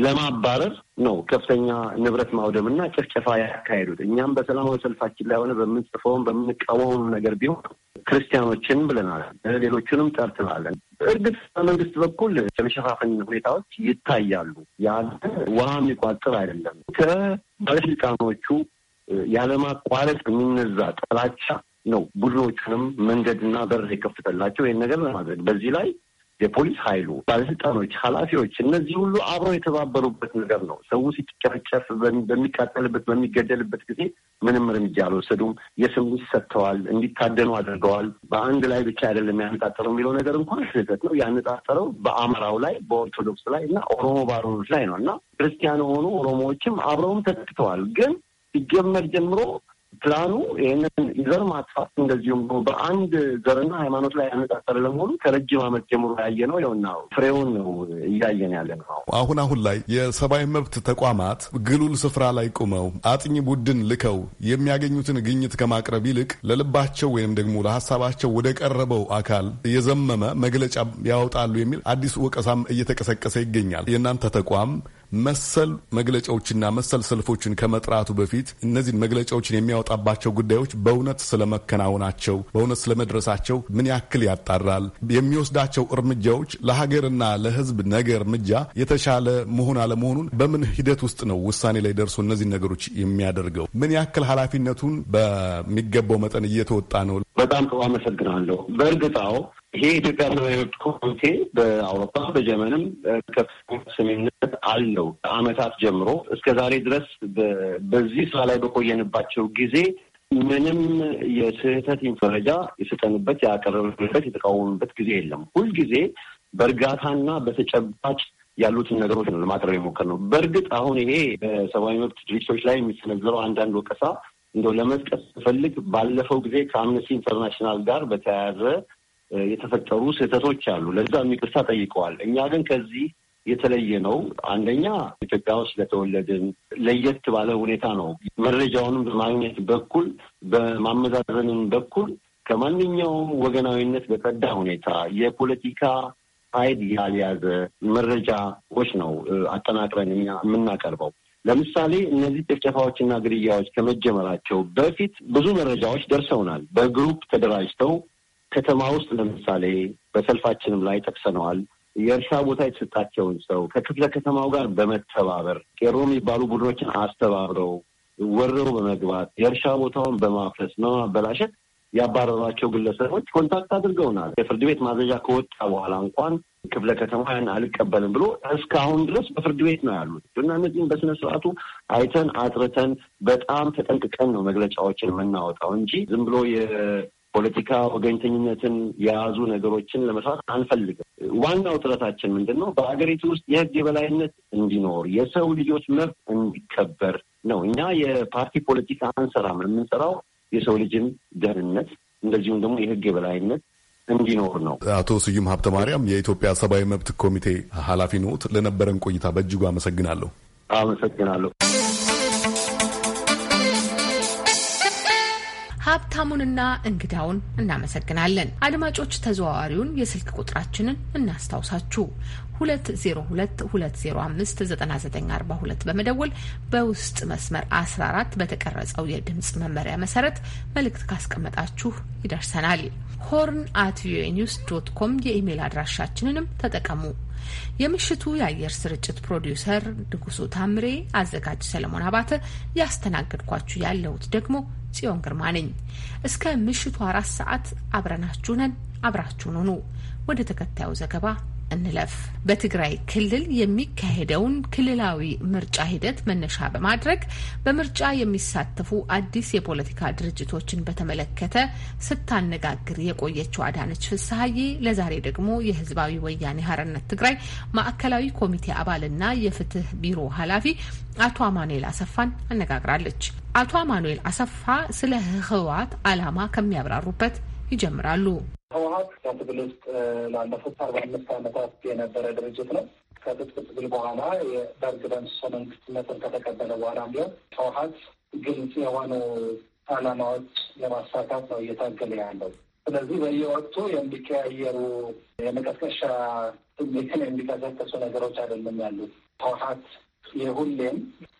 ለማባረር ነው። ከፍተኛ ንብረት ማውደምና ጭፍጨፋ ያካሄዱት። እኛም በሰላማዊ ሰልፋችን ላይ ሆነ በምንጽፈውም በምንቃወሙ ነገር ቢሆን ክርስቲያኖችን ብለናል፣ ሌሎቹንም ጠርትናለን። እርግጥ በመንግስት በኩል የመሸፋፈን ሁኔታዎች ይታያሉ። ያለ ውሃ የሚቋጥር አይደለም። ከባለስልጣኖቹ ያለማቋረጥ የሚነዛ ጥላቻ ነው ቡድኖቹንም መንገድና በር የከፍተላቸው ይህን ነገር ለማድረግ በዚህ ላይ የፖሊስ ኃይሉ፣ ባለስልጣኖች፣ ኃላፊዎች እነዚህ ሁሉ አብረው የተባበሩበት ነገር ነው። ሰው ሲጨፈጨፍ፣ በሚቃጠልበት በሚገደልበት ጊዜ ምንም እርምጃ አልወሰዱም። የስም ሰጥተዋል፣ እንዲታደኑ አድርገዋል። በአንድ ላይ ብቻ አይደለም ያነጣጠረው የሚለው ነገር እንኳን ስህተት ነው። ያነጣጠረው በአማራው ላይ፣ በኦርቶዶክስ ላይ እና ኦሮሞ ባሮኖች ላይ ነው እና ክርስቲያን የሆኑ ኦሮሞዎችም አብረውም ተጠቅተዋል ግን ሲጀመር ጀምሮ ፕላኑ ይህንን የዘር ማጥፋት እንደዚሁም በአንድ ዘርና ሃይማኖት ላይ ያነጣጠረ ለመሆኑ ከረጅም ዓመት ጀምሮ ያየ ነው ይውና ፍሬውን ነው እያየን ያለ ነው። አሁን አሁን ላይ የሰብአዊ መብት ተቋማት ግሉል ስፍራ ላይ ቁመው አጥኚ ቡድን ልከው የሚያገኙትን ግኝት ከማቅረብ ይልቅ ለልባቸው ወይም ደግሞ ለሀሳባቸው ወደ ቀረበው አካል የዘመመ መግለጫ ያወጣሉ የሚል አዲስ ወቀሳም እየተቀሰቀሰ ይገኛል። የእናንተ ተቋም መሰል መግለጫዎችና መሰል ሰልፎችን ከመጥራቱ በፊት እነዚህን መግለጫዎችን የሚያወጣባቸው ጉዳዮች በእውነት ስለመከናወናቸው በእውነት ስለመድረሳቸው ምን ያክል ያጣራል? የሚወስዳቸው እርምጃዎች ለሀገርና ለሕዝብ ነገ እርምጃ የተሻለ መሆን አለመሆኑን በምን ሂደት ውስጥ ነው ውሳኔ ላይ ደርሶ እነዚህን ነገሮች የሚያደርገው? ምን ያክል ኃላፊነቱን በሚገባው መጠን እየተወጣ ነው? በጣም ጥሩ አመሰግናለሁ። በእርግጣው ይሄ የኢትዮጵያ ሰብአዊ መብት ኮሚቴ በአውሮፓ በጀመንም ከፍተኛ ተሰሚነት አለው። ከዓመታት ጀምሮ እስከ ዛሬ ድረስ በዚህ ስራ ላይ በቆየንባቸው ጊዜ ምንም የስህተት መረጃ የሰጠንበት፣ ያቀረብንበት፣ የተቃወምበት ጊዜ የለም። ሁልጊዜ በእርጋታና በተጨባጭ ያሉትን ነገሮች ነው ለማቅረብ የሞከርነው። በእርግጥ አሁን ይሄ በሰብአዊ መብት ድርጅቶች ላይ የሚሰነዘረው አንዳንድ ወቀሳ እንደው ለመጥቀስ ስፈልግ ባለፈው ጊዜ ከአምነስቲ ኢንተርናሽናል ጋር በተያያዘ የተፈጠሩ ስህተቶች አሉ። ለዛ ይቅርታ ጠይቀዋል። እኛ ግን ከዚህ የተለየ ነው። አንደኛ ኢትዮጵያ ውስጥ ለተወለድን ለየት ባለ ሁኔታ ነው። መረጃውንም በማግኘት በኩል በማመዛዘንም በኩል ከማንኛውም ወገናዊነት በጸዳ ሁኔታ የፖለቲካ ሀይል ያልያዘ መረጃዎች ነው አጠናቅረን እኛ የምናቀርበው። ለምሳሌ እነዚህ ጭፍጨፋዎችና ግድያዎች ከመጀመራቸው በፊት ብዙ መረጃዎች ደርሰውናል። በግሩፕ ተደራጅተው ከተማ ውስጥ ለምሳሌ በሰልፋችንም ላይ ጠቅሰነዋል። የእርሻ ቦታ የተሰጣቸውን ሰው ከክፍለ ከተማው ጋር በመተባበር ቄሮ የሚባሉ ቡድኖችን አስተባብረው ወረው በመግባት የእርሻ ቦታውን በማፍረስ በማበላሸት ያባረሯቸው ግለሰቦች ኮንታክት አድርገውናል። የፍርድ ቤት ማዘዣ ከወጣ በኋላ እንኳን ክፍለ ያን አልቀበልም ብሎ እስካሁን ድረስ በፍርድ ቤት ነው ያሉት እና እነዚህም በስነ ስርዓቱ አይተን አጥርተን በጣም ተጠንቅቀን ነው መግለጫዎችን የምናወጣው እንጂ ዝም ብሎ ፖለቲካ ወገኝተኝነትን የያዙ ነገሮችን ለመስራት አንፈልግም። ዋናው ጥረታችን ምንድን ነው? በሀገሪቱ ውስጥ የህግ የበላይነት እንዲኖር፣ የሰው ልጆች መብት እንዲከበር ነው። እኛ የፓርቲ ፖለቲካ አንሰራም። የምንሰራው የሰው ልጅን ደህንነት እንደዚሁም ደግሞ የህግ የበላይነት እንዲኖር ነው። አቶ ስዩም ሀብተ ማርያም የኢትዮጵያ ሰብአዊ መብት ኮሚቴ ኃላፊ ነዎት። ለነበረን ቆይታ በእጅጉ አመሰግናለሁ። አመሰግናለሁ። ሀብታሙንና እንግዳውን እናመሰግናለን። አድማጮች ተዘዋዋሪውን የስልክ ቁጥራችንን እናስታውሳችሁ 2022059942 በመደወል በውስጥ መስመር 14 በተቀረጸው የድምፅ መመሪያ መሰረት መልእክት ካስቀመጣችሁ ይደርሰናል። ሆርን አት ቪኦኤ ኒውስ ዶት ኮም የኢሜይል አድራሻችንንም ተጠቀሙ። የምሽቱ የአየር ስርጭት ፕሮዲውሰር ንጉሱ ታምሬ፣ አዘጋጅ ሰለሞን አባተ፣ ያስተናገድኳችሁ ያለሁት ደግሞ ጽዮን ግርማ ነኝ። እስከ ምሽቱ አራት ሰዓት አብረናችሁ ነን። አብራችሁን ሁኑ። ወደ ተከታዩ ዘገባ እንለፍ። በትግራይ ክልል የሚካሄደውን ክልላዊ ምርጫ ሂደት መነሻ በማድረግ በምርጫ የሚሳተፉ አዲስ የፖለቲካ ድርጅቶችን በተመለከተ ስታነጋግር የቆየችው አዳነች ፍስሀዬ ለዛሬ ደግሞ የህዝባዊ ወያኔ ሀርነት ትግራይ ማዕከላዊ ኮሚቴ አባልና የፍትህ ቢሮ ኃላፊ አቶ አማኑኤል አሰፋን አነጋግራለች። አቶ አማኑኤል አሰፋ ስለ ህወሓት ዓላማ ከሚያብራሩበት ይጀምራሉ። ህወሀት ከትግል ውስጥ ላለፉት አርባ አምስት ዓመታት የነበረ ድርጅት ነው። ከትጥቅ ትግል በኋላ የደርግ በእንስሶ መንግስትነትን ከተቀበለ በኋላ ቢሆን ህወሀት ግልጽ የሆኑ ዓላማዎች ለማሳካት ነው እየታገለ ያለው። ስለዚህ በየወቅቱ የሚቀያየሩ የመቀስቀሻ ስሜትን የሚቀሰቀሱ ነገሮች አይደለም ያሉት። ህወሀት የሁሌም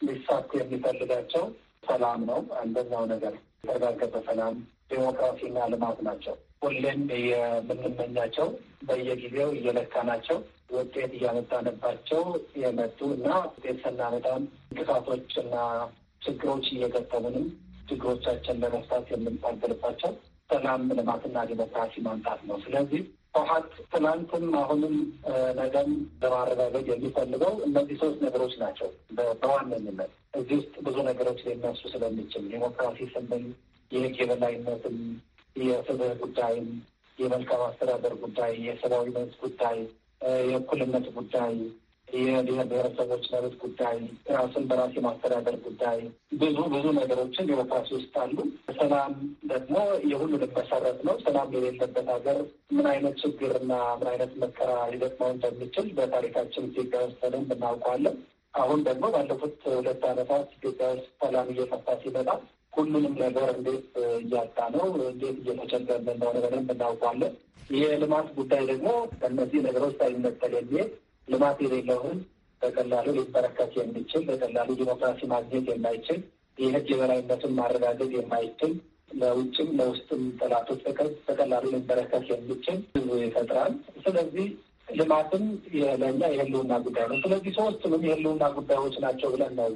ሊሳት የሚፈልጋቸው ሰላም ነው። አንደኛው ነገር የተረጋገጠ ሰላም ዴሞክራሲና ልማት ናቸው። ሁሌም የምንመኛቸው በየጊዜው እየለካናቸው ውጤት እያመጣንባቸው የመጡ እና ውጤት ስናመጣም እንቅፋቶች እና ችግሮች እየገጠሙንም ችግሮቻችን ለመፍታት የምንታገልባቸው ሰላም ልማትና ዲሞክራሲ ማምጣት ነው። ስለዚህ ህወሓት ትናንትም አሁንም ነገም ለማረጋገጥ የሚፈልገው እነዚህ ሶስት ነገሮች ናቸው በዋነኝነት እዚህ ውስጥ ብዙ ነገሮች ሊነሱ ስለሚችል ዲሞክራሲ ስንል የህግ የበላይነትም፣ የፍትህ ጉዳይም፣ የመልካም አስተዳደር ጉዳይ፣ የሰብአዊ መብት ጉዳይ፣ የእኩልነት ጉዳይ፣ የብሔር ብሔረሰቦች መብት ጉዳይ፣ ራስን በራስ የማስተዳደር ጉዳይ፣ ብዙ ብዙ ነገሮችን ዲሞክራሲ ውስጥ አሉ። ሰላም ደግሞ የሁሉንም መሰረት ነው። ሰላም የሌለበት ሀገር ምን አይነት ችግርና ምን አይነት መከራ ሊገጥመው እንደሚችል በታሪካችን ኢትዮጵያ ውስጥ በደንብ እናውቀዋለን። አሁን ደግሞ ባለፉት ሁለት ዓመታት ኢትዮጵያ ውስጥ ሰላም እየጠፋ ሲመጣ ሁሉንም ነገር እንዴት እያጣ ነው፣ እንዴት እየተቸገረ እንደሆነ በደንብ እናውቋለን። ይሄ የልማት ጉዳይ ደግሞ ከእነዚህ ነገሮች ሳይነጠል የሚሄድ ልማት የሌለውን በቀላሉ ሊበረከት የሚችል በቀላሉ ዲሞክራሲ ማግኘት የማይችል የህግ የበላይነትን ማረጋገጥ የማይችል ለውጭም ለውስጥም ጠላቶች በቀላሉ ሊበረከት የሚችል ህዝብ ይፈጥራል። ስለዚህ ልማትም ለእኛ የህልውና ጉዳይ ነው። ስለዚህ ሶስቱንም የህልውና ጉዳዮች ናቸው ብለን ነው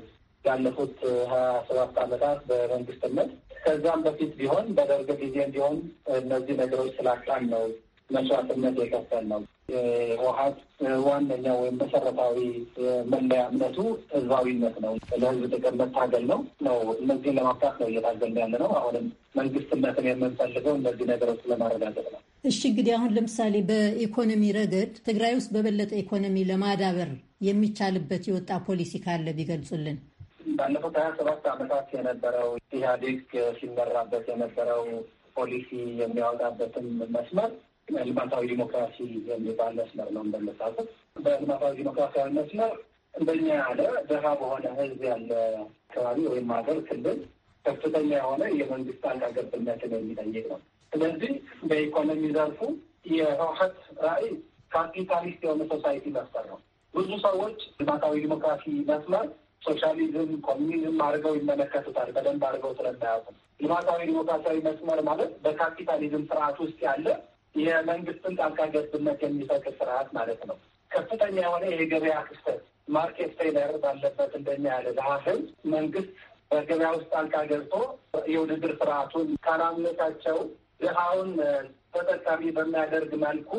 ያለፉት ሀያ ሰባት አመታት በመንግስትነት ከዛም በፊት ቢሆን በደርግ ጊዜ ቢሆን እነዚህ ነገሮች ስላጣን ነው መስዋዕትነት የከፈል ነው። ህወሀት ዋነኛው ወይም መሰረታዊ መለያ እምነቱ ህዝባዊነት ነው። ለህዝብ ጥቅም መታገል ነው ነው እነዚህን ለማብቃት ነው እየታገል ያለ ነው። አሁንም መንግስትነትን የምንፈልገው እነዚህ ነገሮች ለማረጋገጥ ነው። እሺ እንግዲህ አሁን ለምሳሌ በኢኮኖሚ ረገድ ትግራይ ውስጥ በበለጠ ኢኮኖሚ ለማዳበር የሚቻልበት የወጣ ፖሊሲ ካለ ቢገልጹልን። ባለፉት ሀያ ሰባት አመታት የነበረው ኢህአዴግ ሲመራበት የነበረው ፖሊሲ የሚያወጣበትን መስመር ልማታዊ ዲሞክራሲ የሚባል መስመር ነው እንደምታውቁት። በልማታዊ ዲሞክራሲያዊ መስመር እንደኛ ያለ ድሃ በሆነ ህዝብ ያለ አካባቢ ወይም ሀገር፣ ክልል ከፍተኛ የሆነ የመንግስት ጣልቃ ገብነትን የሚጠይቅ ነው። ስለዚህ በኢኮኖሚ ዘርፉ የህወሓት ራዕይ ካፒታሊስት የሆነ ሶሳይቲ መፍጠር ነው። ብዙ ሰዎች ልማታዊ ዲሞክራሲ መስመር ሶሻሊዝም፣ ኮሚኒዝም አድርገው ይመለከቱታል። በደንብ አድርገው ስለማያውቁ ልማታዊ ዲሞክራሲያዊ መስመር ማለት በካፒታሊዝም ስርዓት ውስጥ ያለ የመንግስትን ጣልቃ ገብነት የሚፈቅድ ስርዓት ማለት ነው። ከፍተኛ የሆነ የገበያ ክስተት ማርኬት ፌለር ባለበት እንደኛ ያለ ሀፍል መንግስት በገበያ ውስጥ ጣልቃ ገብቶ የውድድር ስርዓቱን ካላምነታቸው ድሃውን ተጠቃሚ በሚያደርግ መልኩ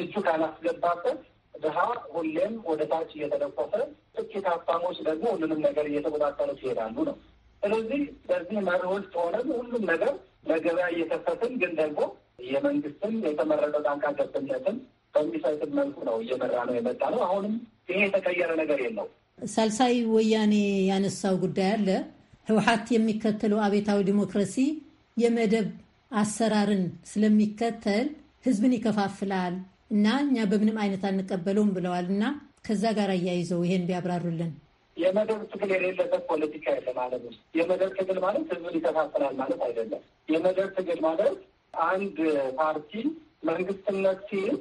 እጁ ካላስገባበት ድሃ ሁሌም ወደ ታች እየተደቆፈ ጥቂት ሀብታሞች ደግሞ ሁሉንም ነገር እየተቆጣጠሩት ይሄዳሉ ነው። ስለዚህ በዚህ መርህ ውስጥ ሆነን ሁሉም ነገር ለገበያ እየከፈትን ግን ደግሞ የመንግስትን የተመረጠ ጣልቃ ገብነትን በሚፈትን መልኩ ነው እየመራ ነው የመጣ ነው። አሁንም ይሄ የተቀየረ ነገር የለው። ሳልሳይ ወያኔ ያነሳው ጉዳይ አለ። ህወሀት የሚከተለው አቤታዊ ዲሞክራሲ የመደብ አሰራርን ስለሚከተል ህዝብን ይከፋፍላል እና እኛ በምንም አይነት አንቀበለውም ብለዋል። እና ከዛ ጋር አያይዘው ይሄን ቢያብራሩልን። የመደብ ትግል የሌለበት ፖለቲካ የለም ዓለም ውስጥ። የመደብ ትግል ማለት ህዝብን ይከፋፍላል ማለት አይደለም። የመደብ ትግል ማለት አንድ ፓርቲ መንግስትነት ሲል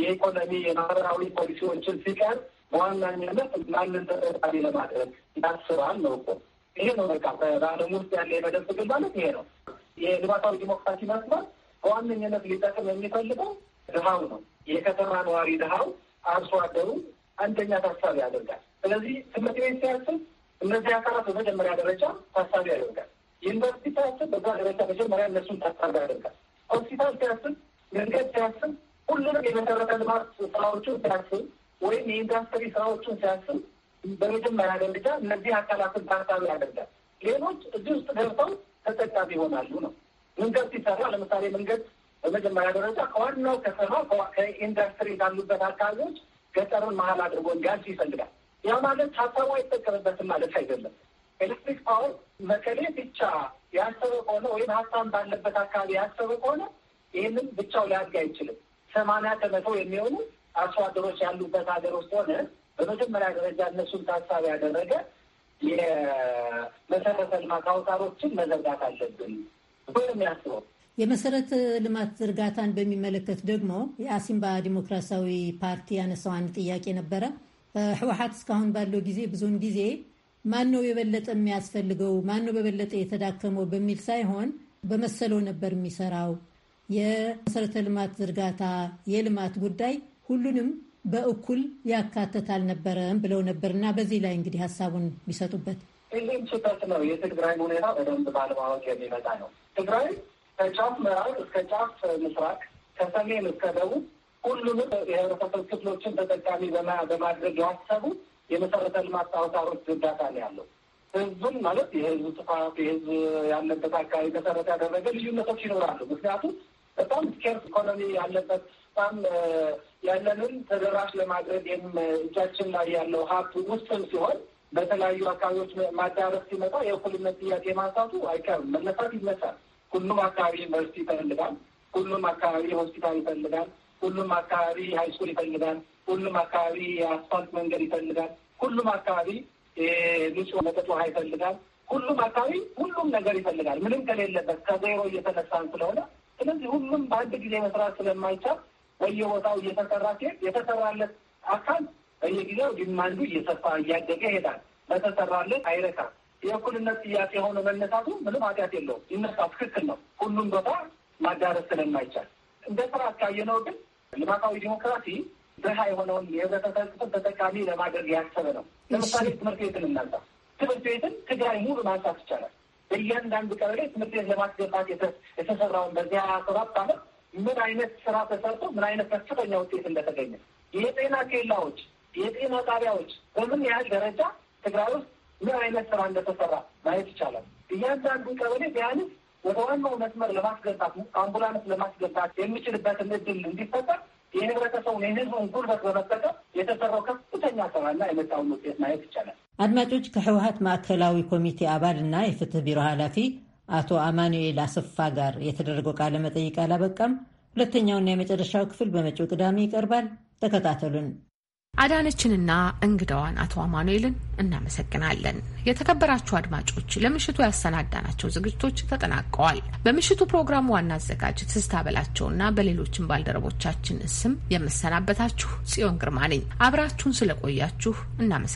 የኢኮኖሚ የማህበራዊ ፖሊሲዎችን ሲቀር በዋናኛነት ማንን ተጠቃሚ ለማድረግ ያስባል ነው እኮ። ይሄ ነው በቃ በአለም ውስጥ ያለ የመደብ ትግል ማለት ይሄ ነው። የልማታዊ ዲሞክራሲ መስመር በዋነኝነት ሊጠቅም የሚፈልገው ድሃው ነው የከተማ ነዋሪ ድሃው አርሶ አደሩ አንደኛ ታሳቢ ያደርጋል። ስለዚህ ትምህርት ቤት ሲያስብ እነዚህ አካላት በመጀመሪያ ደረጃ ታሳቢ ያደርጋል። ዩኒቨርሲቲ ሲያስብ በዛ ደረጃ መጀመሪያ እነሱን ታሳቢ ያደርጋል። ሆስፒታል ሲያስብ፣ መንገድ ሲያስብ፣ ሁሉንም የመሰረተ ልማት ስራዎችን ሲያስብ ወይም የኢንዱስትሪ ስራዎችን ሲያስብ በመጀመሪያ ደረጃ እነዚህ አካላትን ታሳቢ ያደርጋል። ሌሎች እዚህ ውስጥ ገብተው ተጠቃሚ ይሆናሉ ነው። መንገድ ሲሰራ ለምሳሌ መንገድ በመጀመሪያ ደረጃ ከዋናው ከተማ ከኢንዱስትሪ ካሉበት አካባቢዎች ገጠርን መሀል አድርጎ ጋዝ ይፈልጋል። ያ ማለት ሀሳቡ አይጠቀምበትም ማለት አይደለም። ኤሌክትሪክ ፓወር መቀሌ ብቻ ያሰበ ከሆነ ወይም ሀሳብ ባለበት አካባቢ ያሰበ ከሆነ ይህንን ብቻው ሊያድግ አይችልም። ሰማንያ ከመቶ የሚሆኑ አርሶ አደሮች ያሉበት ሀገር ውስጥ ሆነ በመጀመሪያ ደረጃ እነሱን ታሳቢ ያደረገ የመሰረተ ልማት አውታሮችን መዘርጋት አለብን ወይም ያስበው የመሰረተ ልማት ዝርጋታን በሚመለከት ደግሞ የአሲምባ ዲሞክራሲያዊ ፓርቲ ያነሳው አንድ ጥያቄ ነበረ። ህወሓት እስካሁን ባለው ጊዜ ብዙውን ጊዜ ማን ነው የበለጠ የሚያስፈልገው፣ ማን ነው በበለጠ የተዳከመው በሚል ሳይሆን በመሰለው ነበር የሚሰራው። የመሰረተ ልማት ዝርጋታ፣ የልማት ጉዳይ ሁሉንም በእኩል ያካተት አልነበረም ብለው ነበር እና በዚህ ላይ እንግዲህ ሀሳቡን ቢሰጡበት። ይህም ስህተት ነው። የትግራይ ሁኔታ በደንብ ባለማወቅ የሚመጣ ነው። ትግራይ ከጫፍ ምዕራብ እስከ ጫፍ ምስራቅ፣ ከሰሜን እስከ ደቡብ ሁሉንም የህብረተሰብ ክፍሎችን ተጠቃሚ በማድረግ ያሰቡ የመሰረተ ልማት አውታሮች ዝርጋታ ነው ያለው። ህዝቡን ማለት የህዝብ ጥፋት የህዝብ ያለበት አካባቢ መሰረት ያደረገ ልዩነቶች ይኖራሉ። ምክንያቱም በጣም ስኬርስ ኢኮኖሚ ያለበት በጣም ያለንን ተደራሽ ለማድረግ እጃችን ላይ ያለው ሀብት ውስን ሲሆን በተለያዩ አካባቢዎች ማዳረስ ሲመጣ የእኩልነት ጥያቄ ማንሳቱ አይቀርም፣ መነሳት ይነሳል። ሁሉም አካባቢ ዩኒቨርሲቲ ይፈልጋል። ሁሉም አካባቢ ሆስፒታል ይፈልጋል። ሁሉም አካባቢ ሃይስኩል ይፈልጋል። ሁሉም አካባቢ የአስፋልት መንገድ ይፈልጋል። ሁሉም አካባቢ ንጹህ መጠጥ ውሃ ይፈልጋል። ሁሉም አካባቢ ሁሉም ነገር ይፈልጋል። ምንም ከሌለበት ከዜሮ እየተነሳን ስለሆነ ስለዚህ ሁሉም በአንድ ጊዜ መስራት ስለማይቻል በየቦታው እየተሰራ ሲሄድ የተሰራለት አካል በየጊዜው ዲማንዱ እየሰፋ እያደገ ይሄዳል። በተሰራለት አይረካም። የእኩልነት ጥያቄ የሆነ መነሳቱ ምንም ኃጢአት የለውም። ይነሳ፣ ትክክል ነው። ሁሉም ቦታ ማዳረስ ስለማይቻል እንደ ስራ አካየነው ግን ልማታዊ ዲሞክራሲ ድሃ የሆነውን የህብረተሰብ ክፍል ተጠቃሚ ለማድረግ ያሰበ ነው። ለምሳሌ ትምህርት ቤትን እናልጣ። ትምህርት ቤትን ትግራይ ሙሉ ማንሳት ይቻላል። በእያንዳንዱ ቀበሌ ትምህርት ቤት ለማስገባት የተሰራውን በዚያ ሀያ ሰባት ዓመት ምን አይነት ስራ ተሰርቶ ምን አይነት ከፍተኛ ውጤት እንደተገኘ የጤና ኬላዎች፣ የጤና ጣቢያዎች በምን ያህል ደረጃ ትግራይ ውስጥ ምን አይነት ስራ እንደተሰራ ማየት ይቻላል። እያንዳንዱ ቀበሌ ቢያንስ ወደ ዋናው መስመር ለማስገባት አምቡላንስ ለማስገባት የሚችልበትን እድል እንዲፈጠር የህብረተሰቡን የህዝቡን ጉልበት በመጠቀም የተሰራው ከፍተኛ ስራና የመጣውን ውጤት ማየት ይቻላል። አድማጮች ከህወሀት ማዕከላዊ ኮሚቴ አባል እና የፍትህ ቢሮ ኃላፊ አቶ አማኑኤል አሰፋ ጋር የተደረገው ቃለ መጠይቅ አላበቃም። ሁለተኛውና የመጨረሻው ክፍል በመጪው ቅዳሜ ይቀርባል። ተከታተሉን። አዳነችንና እንግዳዋን አቶ አማኑኤልን እናመሰግናለን። የተከበራችሁ አድማጮች ለምሽቱ ያሰናዳናቸው ዝግጅቶች ተጠናቀዋል። በምሽቱ ፕሮግራም ዋና አዘጋጅ ትዝታ በላቸውና በሌሎችም ባልደረቦቻችን ስም የምሰናበታችሁ ጽዮን ግርማ ነኝ። አብራችሁን ስለቆያችሁ እናመሰግናለን።